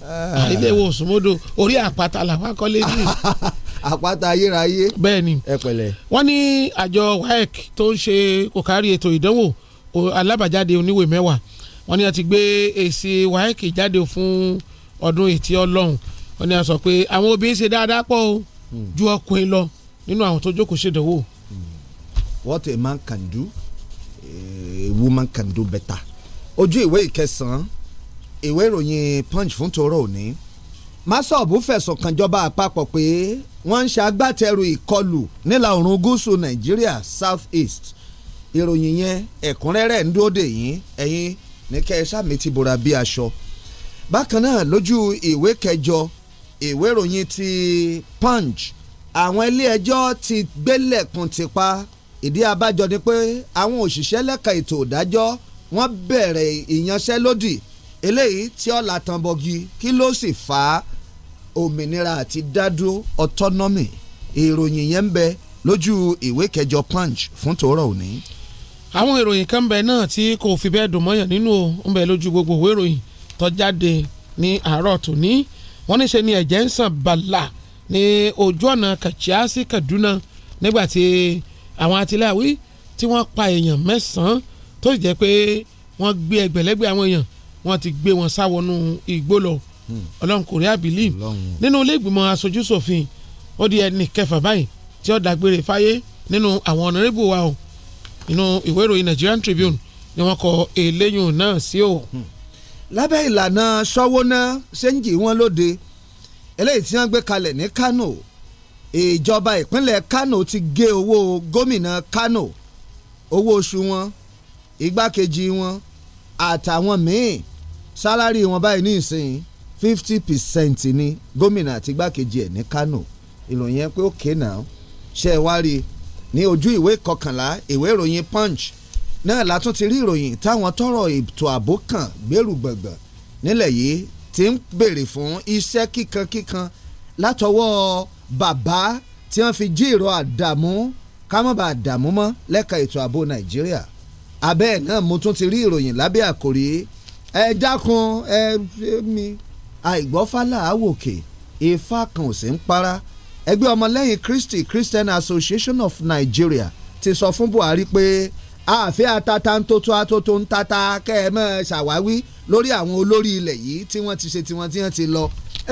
ilé ìwòsàn mọ́dọ̀ orí àpáta làwọn akọ́lé ní. (laughs) àpáta ayérayé. bẹ́ẹ̀ni ẹ pẹ̀lẹ́. ní àjọ WAEC tó ń ṣe kò ètò ìdánwò alábàjáde oníwèé mẹ́wàá wọ́n ní a ti gbé èsì WAEC jáde fún ọdún ètí ọlọ́run wọ́n ní a sọ pé àwọn obìnrin ṣe dáadáa pọ̀ o hmm. ju ọkùnrin lọ nínú àwọn tó jókòó ṣèdánwò. Hmm. what a man can do eh, a woman can do better ojú ìwé ìkẹsàn-án ìwé ìròyìn punch fún tòró òní másọ̀bù fẹ̀sùn kàn jọba àpapọ̀ pé wọ́n ń ṣagbátẹrù ìkọlù nílà oòrùn gúúsù nàìjíríà south east ìròyìn yẹn ẹ̀kúnrẹ́rẹ́ ń dúró dè yín ẹ̀yin ní kẹ́ ẹ sàmì ti bora bí aṣọ. bákan náà lójú ìwé kẹjọ ìwé ìròyìn ti punch àwọn ilé ẹjọ́ ti gbélẹ̀kùn ti pa ìdí abájọ ni pé àwọn òṣìṣẹ́ lẹ́ka ètò ìdájọ́ wọ́n bẹ̀rẹ̀ ìyanṣẹ́lódì eléyìí tí ó la tanbọ̀gì kí ló sì fà á òmìnira àti dádúró autonomy ìròyìn yẹn ń bẹ lójú ìwé kẹjọ punch fún tòórọ̀ òní. àwọn ìròyìn kan bẹ náà tí kò fi bẹ́ẹ̀ dùn mọ́yàn nínú ń bẹ lójú gbogbo ìwé ìròyìn tó jáde ní àárọ̀ tòní wọ́n ní ṣe ni ẹ̀jẹ̀ ń sàn bàlà ní ojú ọ̀nà kàchíá sí Kaduna nígbàtí àwọn atiláwí tí wọ́n pa èèyàn mẹ́sàn-án tó sì jẹ́ pé wọ́n gbé ẹgbẹ̀lẹ́gbẹ̀ àwọn èèyàn wọ́n ti gbé wọn sáwọnú igbó lọ ọlọ́run kò rí àbílí nínú ilé ìgbìmọ̀ aṣojú ṣòfin ó di ẹni kẹfà báyìí tí ó dágbére fáyé nínú àwọn ọ̀nàrẹ́bù wa o nínú ìwé ìròyìn Nigerian Tribune ni wọ́n kọ eléyìn náà sí o. Hmm. lábẹ́ ìlànà sọ́wọ́ náà ṣéǹjì wọn lóde eléyìí tí wọ́n gbé kalẹ̀ ní Kano ìjọba ìpínlẹ̀ Kano ti gé owó gómìnà Kano owó oṣù wọn igbákejì wọn àtàwọn míì sálárì wọn báyìí ní ìsìn fifty percent ní gómìnà àti igbákejì ẹ̀ ní Kano ìròyìn ẹ pé ó ké náà ṣe é wá rí i ní ojú ìwé kọkànlá ìwé ìròyìn Punch náà látún ti rí ìròyìn táwọn tọrọ ètò ààbò kan gbèrú gbọ̀ngbọ̀n nílẹ̀ yìí ti ń béèrè fún iṣẹ́ kíkan kíkan látọwọ́ bàbá tí wọ́n fi jí ìrọ̀ àdàmú kámọ́bà àdàmú mọ́ lẹ́ka ètò ààbò Nàìjíríà abẹ́ náà mo tún ti rí ìròyìn lábẹ́ àkòrí ẹ dákun ẹ mi àìgbọ́fálà àwòkè ifá kan ò sí ń para ẹgbẹ́ ọmọlẹ́yìn Christy Christian Association of Nigeria ti sọ fún Buhari pé ààfin atata ń tó tó atótó ń tata kẹ́ ẹ mọ́ ṣàwáwí lórí àwọn olórí ilẹ̀ yìí tí wọ́n ti ṣe tí wọ́n ti hàn ti lọ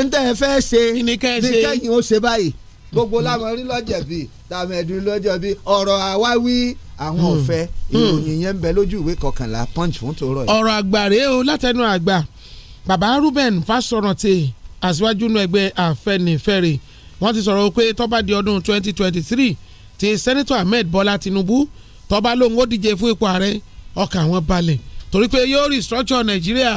ń tẹ́ ẹ fẹ́ ṣe ní kẹ́yìn ó ṣe báyìí gbogbo láwọn rí lọ́jẹ̀bi tàmẹ̀dùn lọ́jẹ̀bi ọ̀rọ̀ àwáwí àwọn hmm. ọ̀fẹ́ hmm. ìròyìn yẹn ń bẹ lójú ìwé kọkànlá punch fún tòórọ́ yìí. ọ̀rọ̀ àgbà rèé o látẹnu àgbà bàbá Reuben Fásọ̀rántì aṣíwájú inú ẹgbẹ́ Afẹ́nifẹ́re wọ́n ti sọ̀rọ̀ pé tó bá di ọdún 2023 ti sẹ́nitọ̀ Ahmed Bọ́lá Tinubu tó bá lóun ó díje fún ipò ààrẹ ọkàn àwọn balẹ̀ torí pé yóò restructure Nàìjíríà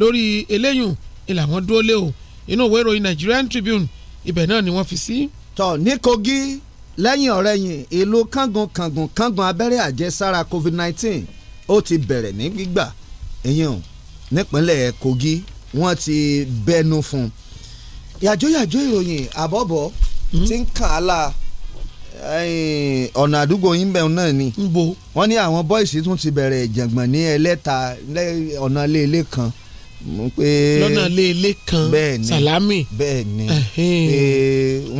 lórí eléyùn ìlà wọn dúró lé o inú ìwé ìròyìn Nigerian Tribune ibẹ̀ náà ni wọ́n fi sí. tọ ní Kogi lẹ́yìn ọ̀rẹ́yìn ìlú kángun kángun kángun abẹ́rẹ́ àjẹsára COVID-19 ó ti bẹ̀rẹ̀ ní gbígbà ìyẹn o nípínlẹ̀ Kogi wọ́n ti bẹnu fún un yàjóyàjó ìròyìn àbọ̀bọ̀ hmm? ti ń kàn án la ọ̀nà àdúgbò yín bẹ̀rù náà ni wọ́n ní àwọn bọ́ìsì tún ti bẹ̀rẹ̀ ìjàngbọ̀n ní ẹlẹ́ta ọ̀nà léèlé kan pé lọ́nà léèlé kan sàlámì bẹ́ẹ̀ ni pé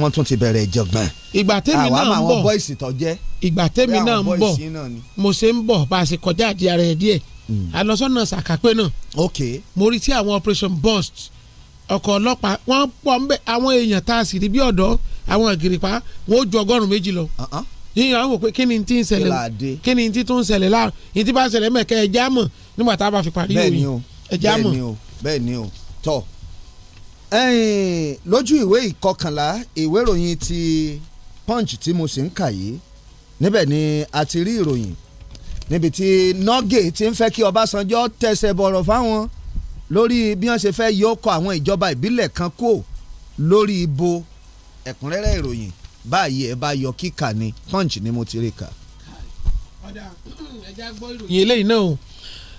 wọ́n tún ti bẹ̀rẹ̀ ìjàngbọ̀n ìgbà tẹ́mi náà ń bọ̀ àwọn bọ́ìsì tó jẹ́ ìgbà tẹ́mi náà ń bọ̀ mo ṣe ń bọ̀ bá a ṣe kọjá àdìyà díẹ̀ àlọ́sọ́nà sàkápẹ́ náà ok mo rí tí àwọn operation burst ọkọ̀ ọlọ́pàá wọ́n pọ̀ nbẹ àwọn èèyàn tá a sì rí bí ọ̀dọ́ àwọn àgìrìpá wọ́n ó ju ọgọ́rùn-ún méjì lọ uh-huh. yíyan àwọn òpè kí ni ti ń ṣẹlẹ̀ kí ni ti tún ń ṣẹlẹ̀ láàrú ìtí bá ń ṣẹlẹ̀ mẹ́kẹ́ ẹ̀jẹ̀ àmọ̀ nígbà tá a bá fi parí ìròyìn ẹ̀jẹ̀ àmọ̀. bẹ́ẹ̀ lójú ìwé ìkọkànlá ìwé ìròyìn ti punch tí mo sì ń kà yìí níbẹ̀ ni a ti rí ìròyìn níbi tí nọ́gẹ̀ ti ń fẹ́ kí Ọbásanjọ́ tẹsẹ̀ bọ̀rọ̀ fáwọn lórí bí wọ́n ṣe fẹ́ yọ ọkọ̀ àwọn ìjọba ìbílẹ̀ kan kó lórí ibo ẹ̀kúnrẹ́rẹ́ ìròyìn báyìí ẹ bá yọ kíkà ni punch ni mo ti rí kà. ìyẹn eléyìí náà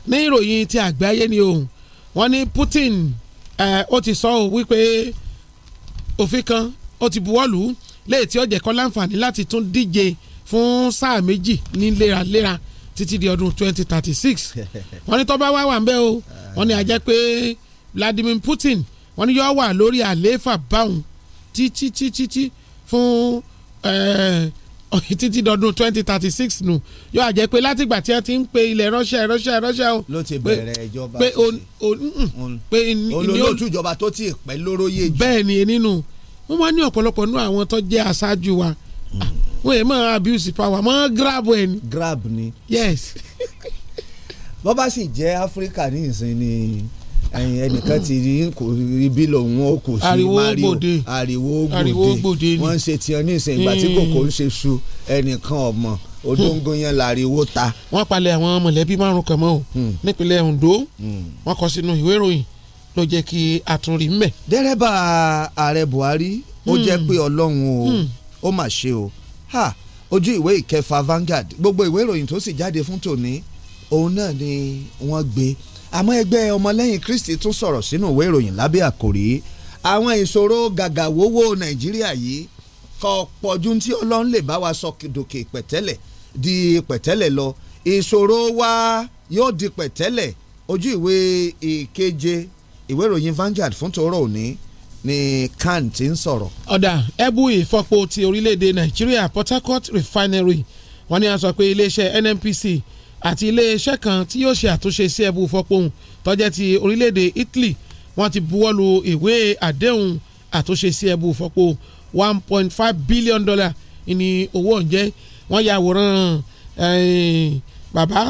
ní ìròyìn ti àgbáyé ni òun wọ́n ní Putin ó ti sọ wípé òfin kan ó ti buwọ́lù léè tí ó jẹ́ kó láǹfààní láti tún díje fún sáà méjì ní léraléra. Lera títí di ọdún twenty thirty six (laughs) wọ́n ní tó bá wá wà ń o wọ́n ní a jẹ́ pé Vladimir Putin wọ́n ní yóò wà lórí àlééfà báwọn títí títí tí fún eh, (laughs) títí dọdún twenty thirty six nù yóò àjẹ́ pé látìgbà tí wọ́n ti ń pe ilẹ̀ Russia Russia Russia o. ló ti bẹ̀rẹ̀ ìjọba pé o pé ní o olólùtú ìjọba tó ti pẹ́ lóróyè jù. bẹ́ẹ̀ ni nínú wọ́n wá ní ọ̀pọ̀lọpọ̀ nínú àwọn tó jẹ́ aṣáájú wa wọ́n yẹn máa abuse power máa grab ẹ̀ ni. grab ni. yes. (laughs) bó bá sì jẹ́ áfíríkà ní ìsìn ni ẹnìkan ti rí ibi lòun ó kò sí mario ariwo gbòde wọ́n ṣe tiẹ̀ ní ìsìn ìgbà tí kòkó ń ṣe su ẹnìkan ọmọ odóńgó yẹn lariwo ta. wọ́n palẹ̀ àwọn mọ̀lẹ́bí márùn kan mọ́ o hmm. nípínlẹ̀ Ondo hmm. wọ́n kọ sínú ìwé ìròyìn ló jẹ́ kí a tún rí mbẹ̀. dẹ́rẹ́bà ààrẹ Buhari ó hmm. jẹ́ pé ọlọ́run o. Hmm ó mà ṣe o ha ojú ìwé ìkẹfà Vanguard gbogbo ìwé ìròyìn tó sì jáde fún tòní òun náà ni wọ́n gbé àmọ́ ẹgbẹ́ ọmọlẹ́yìn Kristi tún sọ̀rọ̀ sínú ìwé ìròyìn lábẹ́ àkòrí àwọn ìṣòro gàgàwówó Nàìjíríà yìí kò pọ̀jù tí Ọlọ́run lè bá wa sọ dòkè pẹ̀tẹ́lẹ̀ di pẹ̀tẹ́lẹ̀ lọ ìṣòro wa yóò di pẹ̀tẹ́lẹ̀ ojú ìwé ìkeje ìwé ìròyìn Vanguard fún tòórọ́ òní ni kan ti ń sọ̀rọ̀. ọ̀dà ẹ̀bù ìfọpo ti orílẹ̀-èdè nàìjíríà Port Harcourt refinery wọ́n ní a sọ pé iléeṣẹ́ NNPC àti iléeṣẹ́ kan tí yóò ṣe àtúnṣe sí ẹ̀bù ìfọpohùn tọ́jẹ́ ti orílẹ̀-èdè Italy wọ́n ti buwọ́lu ìwé àdéhùn àtúnṣe sí ẹ̀bù ìfọpo one point five billion dollar ní owó ọ̀njẹ́ wọ́n ya àwòrán bàbá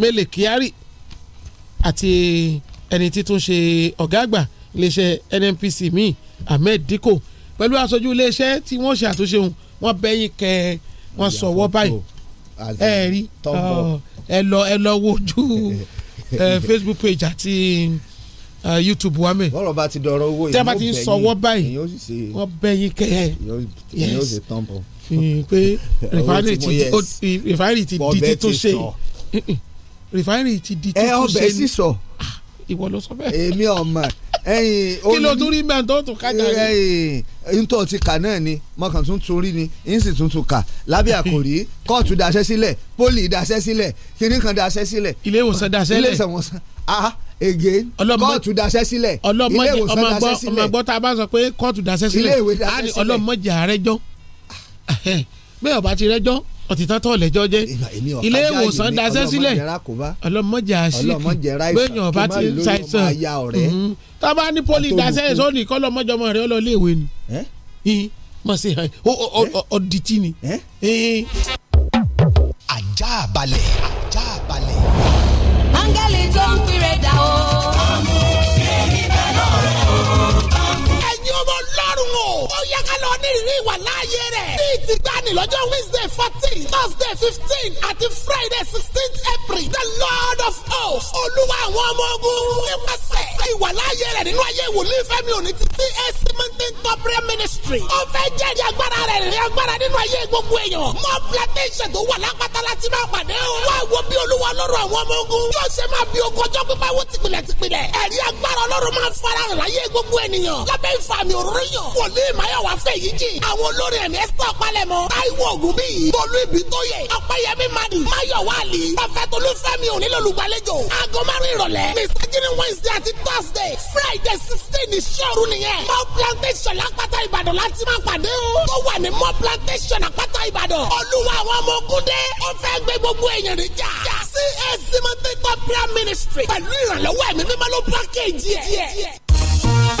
Mele Kyari àti ẹni títún ṣe ọ̀gá àgbà iléeṣẹ́ NNPC míì Ahmed Dikko pẹ̀lú aṣojú iléeṣẹ́ tí wọ́n ṣe àtúnṣe òun wọ́n bẹ́yìn kẹ́ ẹ wọ́n sọ̀wọ́ báyìí ẹ rí ẹ lọ ẹ lọ wojú (laughs) Facebook page àti YouTube wa mẹ́. bọ́lọ̀ bá ti dọ̀rọ̀ owó yìí wọ́n bẹ̀yìn sọ̀wọ́ báyìí wọ́n bẹ̀yìn kẹ́ ẹ yes pé (laughs) rìfáìrì ti di títúnṣe rìfáìrì ti di títúnṣe. ẹ ọbẹ̀ sísọ ìwọ ló sọ bẹ́ẹ̀. èmi ọmọ ẹyin (laughs) kí ló tún rí mẹ́rin tó tún kájà rẹ. ẹyin ntọ́ ti kà náà ni mọ̀kàn tún tún rí ni ẹyin sì tún tún kà lábẹ́ àkòrí (laughs) kóòtù daṣẹ́ sílẹ̀ pólì daṣẹ́ sílẹ̀ kínní kan daṣẹ́ sílẹ̀. ilé ìwòsàn daṣẹ́ lẹ̀ ilé ìwòsàn ah again kóòtù daṣẹ́ sílẹ̀ ilé ìwòsàn daṣẹ́ sílẹ̀ ọmọ gbọ́ tá a bá sọ pé kóòtù daṣẹ́ sílẹ̀ ọlọ́mọdé àrẹjọ́ ah. (laughs) bẹ́ẹ̀ ọba ti rẹjọ́ ọ̀títọ́ tọ̀ lẹ́jọ́ jẹ́ ilé ìwòsàn daṣẹ́ sílẹ̀ ọlọ́mọdé àṣìkì gbẹ̀yìn ọba ti ń ṣàìsàn tábà ní poli daṣẹ́ sọ́ọ̀nì kọ́ lọ́mọdéọmọ rẹ̀ ọlọ́ ilé ìwé ni mọ̀ sí ọ̀dìtì ni. ajá balẹ̀ ajá balẹ̀. áńgẹ́lì tó ń pèrè dà o. ọmọ òṣèré níbẹ̀ lọ́rùn o. ẹ̀yin ọmọ ọlọ́run o. ó yẹ ká lọ onírìírí ìwà láàyè rẹ̀. ní ìtìgbani lọ́jọ́ wednesday fourteen thursday fifteen àti friday sixteen april the lord of hosts olúwa àwọn ọmọ ogun nípasẹ̀ ìwà láàyè rẹ̀ nínú ayé wòlíì fẹ́mi òní ti CAC mountain corporate ministry. ó fẹ́ jẹ́rìí agbára rẹ̀ rí agbára nínú ayé gbogbo èèyàn. mọ plantation tó wà lápáta láti máa pàdé o. wá wo bí olúwa ọlọ́run àwọn ọmọ ogun. yóò ṣe máa bí ogun ọjọ́ pípa wo tìpìlẹ̀ tìpìlẹ̀. ẹ̀rí agbára ọlọ́run máa fara hàn láyé gbogbo ènìyàn. lábẹ́ ìfàmì òróró yàn. wòlíì máyọ̀ wá fèyí jì àwọn olórin ẹ̀mí ẹ̀sítọ́ palẹ̀mọ́ táíwò ògùn bíi bólú ibi tó yẹ ọ̀pẹ́yẹmí madi máyọ̀wá àlì pọfẹ́tò olúfẹ́mi òní lọ́lùgbàlejò aago márùn ìrọ̀lẹ́ mr gini wednesday àti thursday friday sixteen ní sọ́ọ̀rù nìyẹn mọ́ plantation lápáta ìbàdàn láti máa pàdé o tó wà ní mọ́ plantation àpáta ìbàdàn olúwa àwọn ọmọ ogun ó fẹ́ gbé gbogbo èèyàn níjà csc mọ́tẹ́tọ́ prayer ministry pẹ̀lú ìrànlọ́wọ́ ẹ̀mí mímọ́ ló package yẹ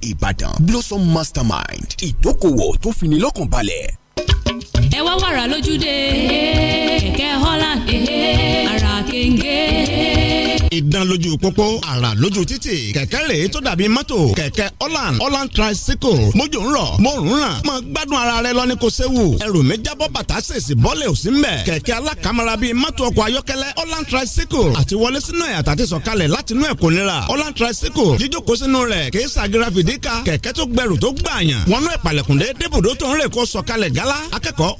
Ìbàdàn Blossom Mastermind ìdókòwò tó fini lọ́kànbalẹ̀ ẹ wá wàrà lójúde kẹ̀kẹ́ Holland ara kéńgé ìdán lójú pópó àrà lójú títì kẹ̀kẹ́ rèé tó dàbí mọ́tò kẹ̀kẹ́ holland holland tricycle mójú ń rọ̀ mo ń ràn mo gbádùn ara rẹ lọ ní kò séwu ẹrù mi jábọ́ bàtà sèṣì bọ́lẹ̀ ò ń bẹ̀ kẹ̀kẹ́ alákàmọ́ra bíi mọ́tò ọkọ̀ ayọ́kẹ́lẹ́ holland tricycle àti wọlé sínú ẹ̀ àtàtì sọ̀kalẹ̀ láti inú ẹ̀ kò nira holland tricycle jíjókòó sínú rẹ̀ kìí sàgìrà ka kẹ̀kẹ́ tó gbẹrù tó gbààyàn wọnú ìpàlẹ̀kùndé débùdó tó ń rè kó sọ̀kalẹ̀ gálá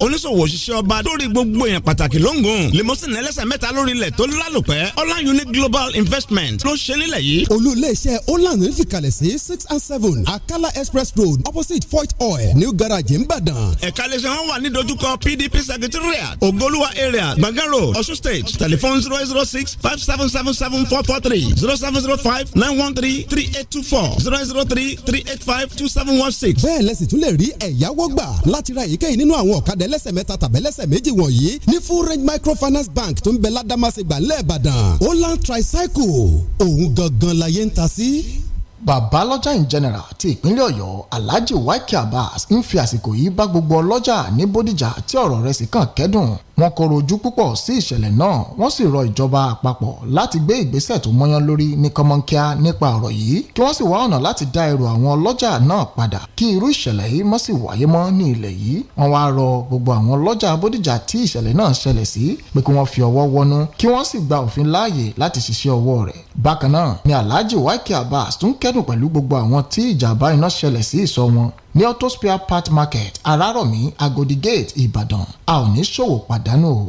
oníṣòwò òṣìṣẹ́ ọba lórí gbogbo èèyàn pàtàkì lóńgùn lèmọ́sìn ẹlẹ́sẹ̀ mẹ́ta lórí ilẹ̀ tó lálòpẹ́ Holland Unique Global Investment ló ṣe nílẹ̀ yìí. olú iléeṣẹ́ Holland ń fìkàlẹ̀ sí six and seven Akala Express Road opposite Fort Oil New Garage Ìbàdàn. ẹ̀ka iléeṣẹ́ wọn wà ní dojúkọ PDP Secretariat Ogoluwa area Gbàngán Road State telephone zero zero six five seven seven seven four four three zero seven zero five nine one three three eight two four zero zero three three eight five two seven one six. bẹ́ẹ̀ lẹ tún lè rí ẹ̀yáwó gbà láti ra èyíkéyìí nínú àwọn ọ̀kadà ẹlẹ́sẹ̀ mẹ́ta tàbẹ́lẹ́sẹ̀ méjì wọ̀nyí ní full range microfinance bank tó ń bẹ ládàmásìgbà lẹ́ẹ̀bàdàn holland tricycle òun gangan la yẹn ń ta sí bàbá lọ́jà in general ti ìpínlẹ̀ ọ̀yọ́ alhaji waike abbas ń fi àsìkò yìí bá gbogbo ọlọ́jà ní bódìjà tí ọ̀rọ̀ rẹ̀ sì kàn kẹ́dùn wọn kọrọ ojú púpọ̀ sí ìṣẹ̀lẹ̀ náà wọ́n sì rọ ìjọba àpapọ̀ láti gbé ìgbésẹ̀ tó mọ́yán lórí ní kọ́mọ́nkíá nípa ọ̀rọ̀ yìí kí wọ́n sì wá ọ̀nà láti dá ẹrù àwọn ọlọ́jà náà padà kí irú ìṣẹ̀lẹ̀ yìí mọ́ sì wáyé mọ́ ní ilẹ̀ yìí wọ́n wá rọ gbogbo àwọn ọlọ́jà bódìjà tí ìṣẹ̀lẹ̀ náà ṣẹlẹ̀ sí pé kí wọ́n fi ọwọ́ wọnú kí wọ́n sì gba òfin láàyè ni alhaji waike abbas tún kẹ́ kẹ́dùn pẹ̀lú gbogbo àwọn tí ìjàmbá iná ṣẹlẹ̀ sí ìsọ̀ wọn ní auto spare part market arárọ̀mí agodi gate ìbàdàn a ò ní ṣòwò pàdánù o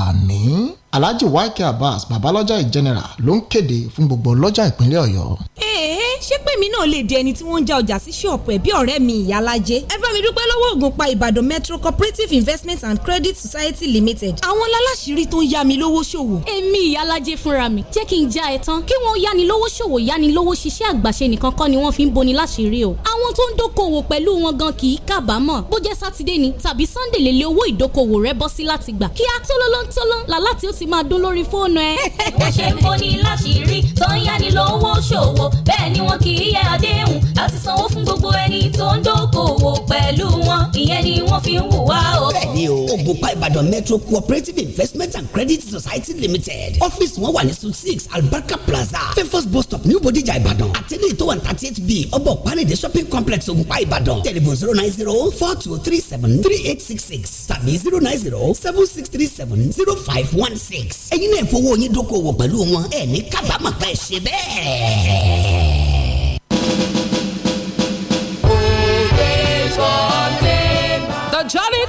àmín alhaji wáìkì abbas babalọ́jà general ló ń kéde fún gbogbo ọlọ́jà ìpínlẹ̀ ọ̀yọ́. ẹ ẹ ṣé pé kémi náà lè di ẹni tí wọ́n ń ja ọjà sí ṣọ́ọ̀pù ẹ̀ bí ọ̀rẹ́ mi ìyálájé ẹ bá mi dúpẹ́ lọ́wọ́ ògùn pa Ìbàdàn Metro Cooperative Investment and Credit Society Limited àwọn aláṣìírí tó ń yá mi lówó ṣòwò. èmi ìyálájé fúnra mi jẹ́ kí n já ẹ tán kí wọ́n yáni lówó ṣòwò yáni lówó ṣiṣẹ́ àgbàṣe nìkan kọ́ ni wọ́n fi ń boni láṣìírí o. àwọn tó ń dókòwò pẹ̀lú wọn gan kì í kábàámọ̀ bó jẹ́ sátidé sunday lè lé owó ìdókòwò rẹ bọ́ sí láti gbà kí á tólólóńtóló làláti ó ti máa dún lórí boni láṣìírí tó ń yáni lówó ṣòwò bẹ́ẹ̀ ni wọn kì í yẹ àdéhùn àti sanwó fún gbogbo ẹni tó ń dókòwò pẹ̀lú wọn ìyẹn ni wọ́n fi ń hùwà o. bẹ́ẹ̀ni o ògùnpá ìbàdàn metro cooperative investment and credit society limited ọ́fíìsì wọn wà ní suite six albarka plaza fefos bus stop new bodija ìbàdàn àtẹlẹ tó wà ní thirty eight b ọbọ panade shopping complex ògùnpá ìbàdàn Telephone zero nine zero four two three seven three eight six six tàbí zero nine zero seven six three seven zero five one six ẹ̀yin náà fowó yín dókòwò pẹ̀lú wọn ẹ̀ ní kábàámọ̀ pẹ̀ ṣe bẹ́ẹ̀.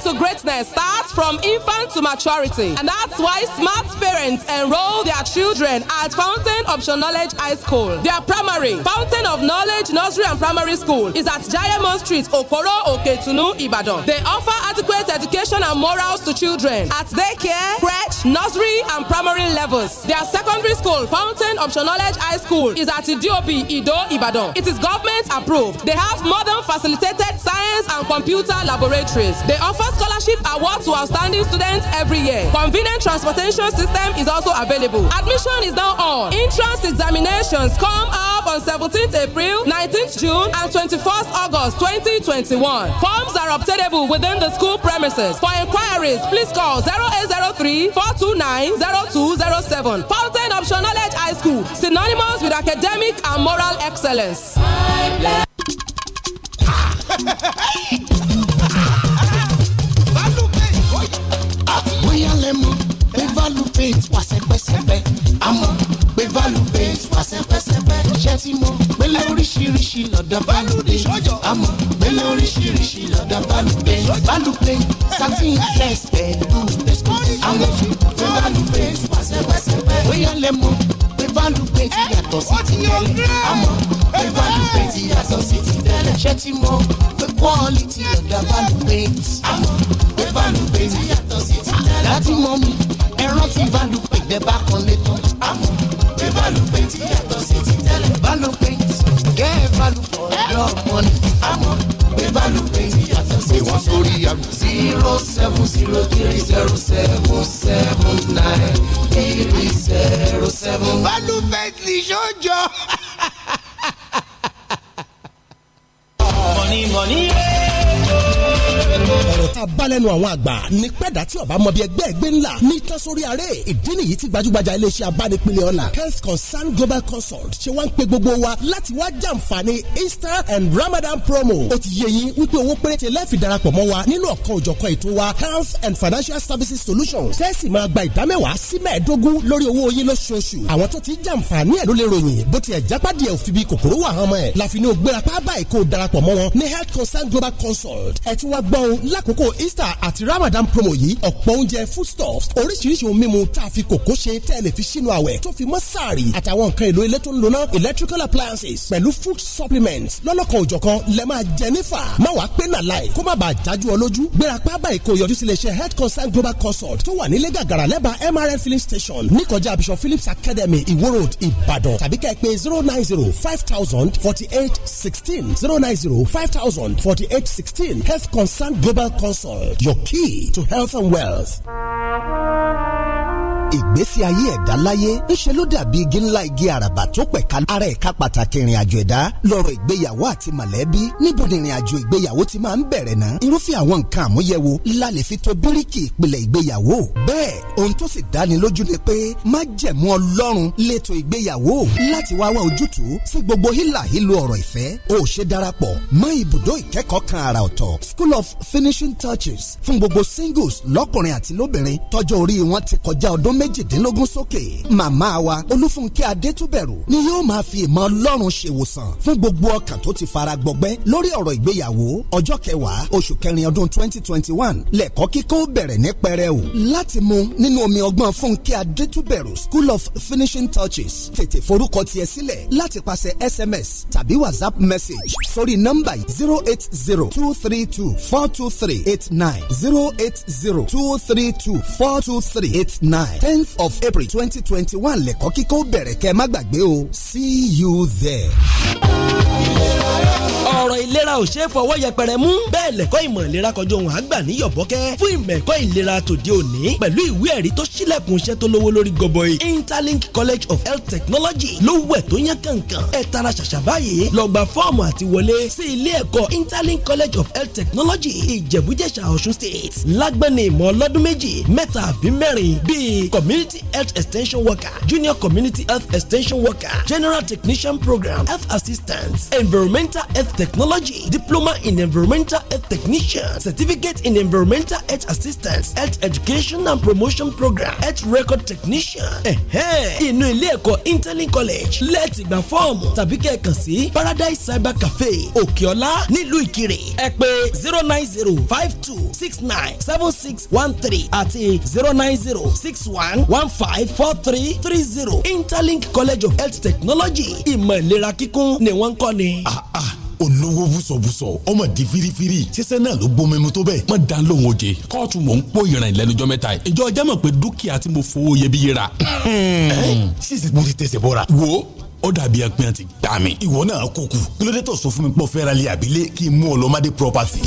to greatness starts from infant to maturity. And that's why smart parents enroll their children at Fountain Option Knowledge High School. Their primary, Fountain of Knowledge Nursery and Primary School, is at Jayamon Street, Okoro, Oketunu, Ibadan. They offer adequate education and morals to children at daycare, crèche, nursery, and primary levels. Their secondary school, Fountain Option Knowledge High School, is at Idiobi, Ido, Ibadan. It is government approved. They have modern facilitated science and computer laboratories. They offer scholarship award to outstanding students every year. Convenient transportation system is also available. Admission is now on. Entrance examinations come up on 17th April, 19th June, and 21st August 2021. Forms are obtainable within the school premises. For inquiries, please call 0803 429 0207. Fountain Option Knowledge High School, synonymous with academic and moral excellence. (laughs) bóyá lẹ mọ̀ pé value paint wà sẹ́pẹ́sẹ́pẹ́ àmọ́ pé value paint wà sẹ́pẹ́sẹ́pẹ́ ṣé tí mo pélé oríṣiríṣi lọ́dọ̀ value paint àmọ́ pélé oríṣiríṣi lọ́dọ̀ value paint value paint satin flex pẹ̀lú àwọn pé value paint wà sẹ́pẹ́sẹ́pẹ́ bóyá lẹ mọ̀ balùwẹ̀ ti yàtọ̀ sí ti tẹ́lẹ̀ àmọ́ pé balùwẹ̀ ti yàtọ̀ sí ti tẹ́lẹ̀ ṣé ti mọ̀ pé quality ọ̀dà balùwẹ̀ àmọ́ pé balùwẹ̀ ti yàtọ̀ sí ti tẹ́lẹ̀ láti mọ̀ mi ẹran ti balùwẹ̀ gbẹ bá kan lé tán àmọ́ pé balùwẹ̀ ti yàtọ̀ yàrá. zero seven zero three zero seven seven nine three zero seven. balùwẹ̀ ní sọ́jọ́. bá lẹ́nu àwọn àgbà ní pẹ́ẹ́dá tí ọba mọbi ẹgbẹ́ ẹgbẹ́ ńlá ní tán sórí aré ìdí nìyí tí gbajúgbajà iléeṣẹ́ abánipínlẹ̀ ọ̀la health concern global consult ṣe wá ń pe gbogbo wa láti wá jàǹfààní easter and ramadan promo ó ti yẹ yín wípé owó péréte lẹ́ẹ̀fì darapọ̀ mọ́ wa nínú ọ̀kan òjọ̀kan ètò wa health and financial services solutions tẹ́sí máa gba ìdámẹ́wàá sí mẹ́ẹ̀ẹ́dógún lórí owó yín lóṣooṣù àwọn tó ti jàǹfààní ẹ̀ ló lè ròyìn bó tiẹ̀ jápádìẹ̀ òfin bíi kòkòrò wà hàn mọ́ ẹ̀ láfi ní o gbéra pábáyé kó darapọ̀ mọ́ wọn ní health concern global consult ẹ̀ ti wá gbọ́ lákòókò easter àti ramadan promo yìí ọ̀pọ̀ oúnjẹ foodstuffs oríṣiríṣi ohun mímu tá a fi kòkó ṣe tẹ́lẹ̀ àwẹ̀ tó fi mọ́ sáàrì àtàwọn nǹkan èlò ilé tó ń lona electrical appliances pẹ̀lú food supplements lọ́lọ́kan òjọ̀kan lẹ́ máa jẹ nífà má wàá pé nà láì kó má bàa jájú ọ lójú gbérapá báyìí kò yọjú sílé iṣẹ́ health concern global consult tó wà nílé gàgàrà lẹ́ba mrn filling station níkọjá bishop phillips academy iwo road ìbàdàn tàbí ká ẹ pè zero nine zero five thousand forty eight sixteen zero nine zero five thousand forty eight sixteen health concern global consult. World, your key to health and wealth. ìgbésí ayé ẹ̀dá láyé ńṣe ló dàbí igi ńlá igi àràbà tó pẹ̀ka ara ẹ̀ka pàtàkì ìrìn àjò ẹ̀dá lọ́rọ̀ ìgbéyàwó àti mọ̀lẹ́bí níbo ni ìrìn àjò ìgbéyàwó ti máa ń bẹ̀rẹ̀ ná irúfẹ́ àwọn nǹkan àmúyẹ̀wò la lè fi to bíríkì ìpìlẹ̀ ìgbéyàwó bẹ́ẹ̀ ohun tó sì dáni lójú ni pé májẹ̀mú ọlọ́run létò ìgbéyàwó láti wá wá ojútùú sí school of finishing touches fún gbogbo singles lọ́kùnrin àti lóbìnrin tọ́jọ́ orí wọn ti méjìdínlógún sókè màmá wa olúfúnkẹ́ adétúbẹ̀rù ni yóò máa fi ìmọ̀ ọlọ́run ṣèwòsàn fún gbogbo ọkàn tó ti fara gbọgbẹ́ lórí ọ̀rọ̀ ìgbéyàwó ọjọ́ kẹwàá oṣù kẹrin ọdún twenty twenty one lẹ́kọ́ kíkọ́ bẹ̀rẹ̀ ní pẹrẹu láti mu nínú omi ọgbọ́n fúnkẹ́ adétúbẹ̀rù school of finishing touches tètè forúkọ tiẹ̀ sílẹ̀ láti pàṣẹ sms tàbí whatsapp message sórí nọ́mbà zero eight zero two three two four two three eight nine zero eight zero two three two four two three eight nine tenth of april twenty twenty one lẹ́kọ́ kíkọ́ bẹ̀rẹ̀ kẹ́ má gbàgbé o see you there ọ̀rọ̀ ìlera ò ṣe é fọwọ́ yẹpẹrẹ mú bẹ́ẹ̀ lẹ̀kọ́ ìmọ̀ ìlera kọjú ohun àgbà ní yọ̀bọ́kẹ́ fún ìmẹ̀kọ́ ìlera tòde òní pẹ̀lú ìwé ẹ̀rí tó ṣílẹ̀kùn iṣẹ́ tó lówó lórí gọbọi interlink college of health technology ló wẹ̀ tó yẹn kankan ẹ tara ṣàṣà báyìí lọ gba fọ́ọ̀mù àti wọlé sí ilé ẹ̀kọ́ interlink college of health technology ìjẹ̀bújẹ̀ṣà ọ̀ṣun state lágbẹ́ni ìmọ̀ ọlọ́dún méjì mẹ́ta àbí mẹ́rin bíi community health extension worker junior community health extension worker general technician program health assistant environmental health technology diploma in environmental health technician certificate in environmental health assistance health education and promotion program health record technician. inú ilé ẹ̀kọ́ interlink college lẹ́ẹ̀tì gba fọ́ọ̀mù tàbí kẹ́ẹ̀kan sí paradise cyber cafe òkèọ́lá nílùú ìkirè ẹ pè zero nine zero five two six nine seven six one three àti zero nine zero six one one five four three three zero interlink college of health technology ìmọ̀ ìlera kíkún ni wọ́n ń kọ́ ni ah ah olówó bùsọ̀bùsọ̀ ọmọ di firifiri ṣiṣẹ́ náà ló gbó mímu tó bẹ́ẹ̀. mọ dan lóhùn oje kóòtù mò ń pò ìrìn lẹ́nujọ́ mẹ́ta yìí ìjọ ọjà mọ̀ pé dúkìá tí mo fowó iyebíye rà. Hmm. ṣíṣe mo ti tẹsẹ̀ bọ́ra. wo ó dàbí ẹpin ti gbà mí. ìwọ náà kò kù kí ló dé tó sọ fún mi pọ̀ fẹ́rali àbílẹ̀ kí n mú ọ lọ́mọdé property.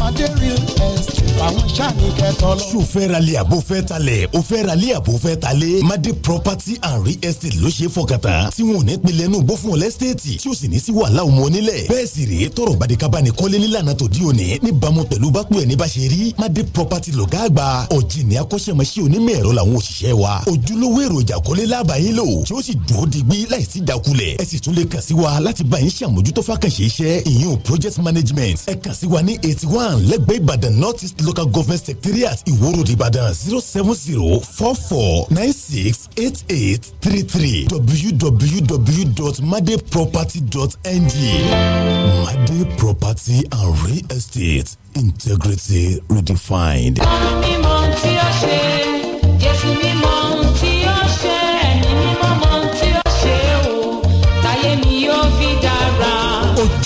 ṣó fẹ́rali àbò fẹ́ talẹ̀ o fẹ́rali àbò fẹ́ talẹ̀ madi property and real estate ló ṣe fọkàtà tí wọn ò ní pilẹ̀ inú bó fún ọ lẹ́sítẹ́ẹ̀tì tí o sì ní sí wàhálà ọmọ onílẹ̀ bẹ́ẹ̀ sì rèé tọrọ badikaba ni kọ́lé nílànà tó di òní níbàámu pẹ̀lú bákú ẹ̀ ní bá ṣe rí madi property lọ́gá àgbà ọ̀jìnì akọ́ṣẹ́mọṣẹ́ onímọ̀ ẹ̀rọ làwọn òṣìṣẹ́ wa ojúlówó èròjà kọ́lé sì tún lè kàn sí wa láti bá yín ṣàmójútó fàkànṣe iṣẹ́ ìyún project management ẹ kàn sí wa ní eighty one lẹ́gbẹ̀ẹ́ ìbàdàn north east local government secretariat ìwòrò ìbàdàn zero seven zero four four nine six eight eight three three www.madeproperty.ng made property and real estate integrity redefined. àwọn mímọ tí ó ṣe é.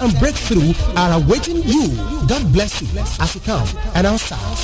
and breakthrough are awaiting you. God bless you as you come and outside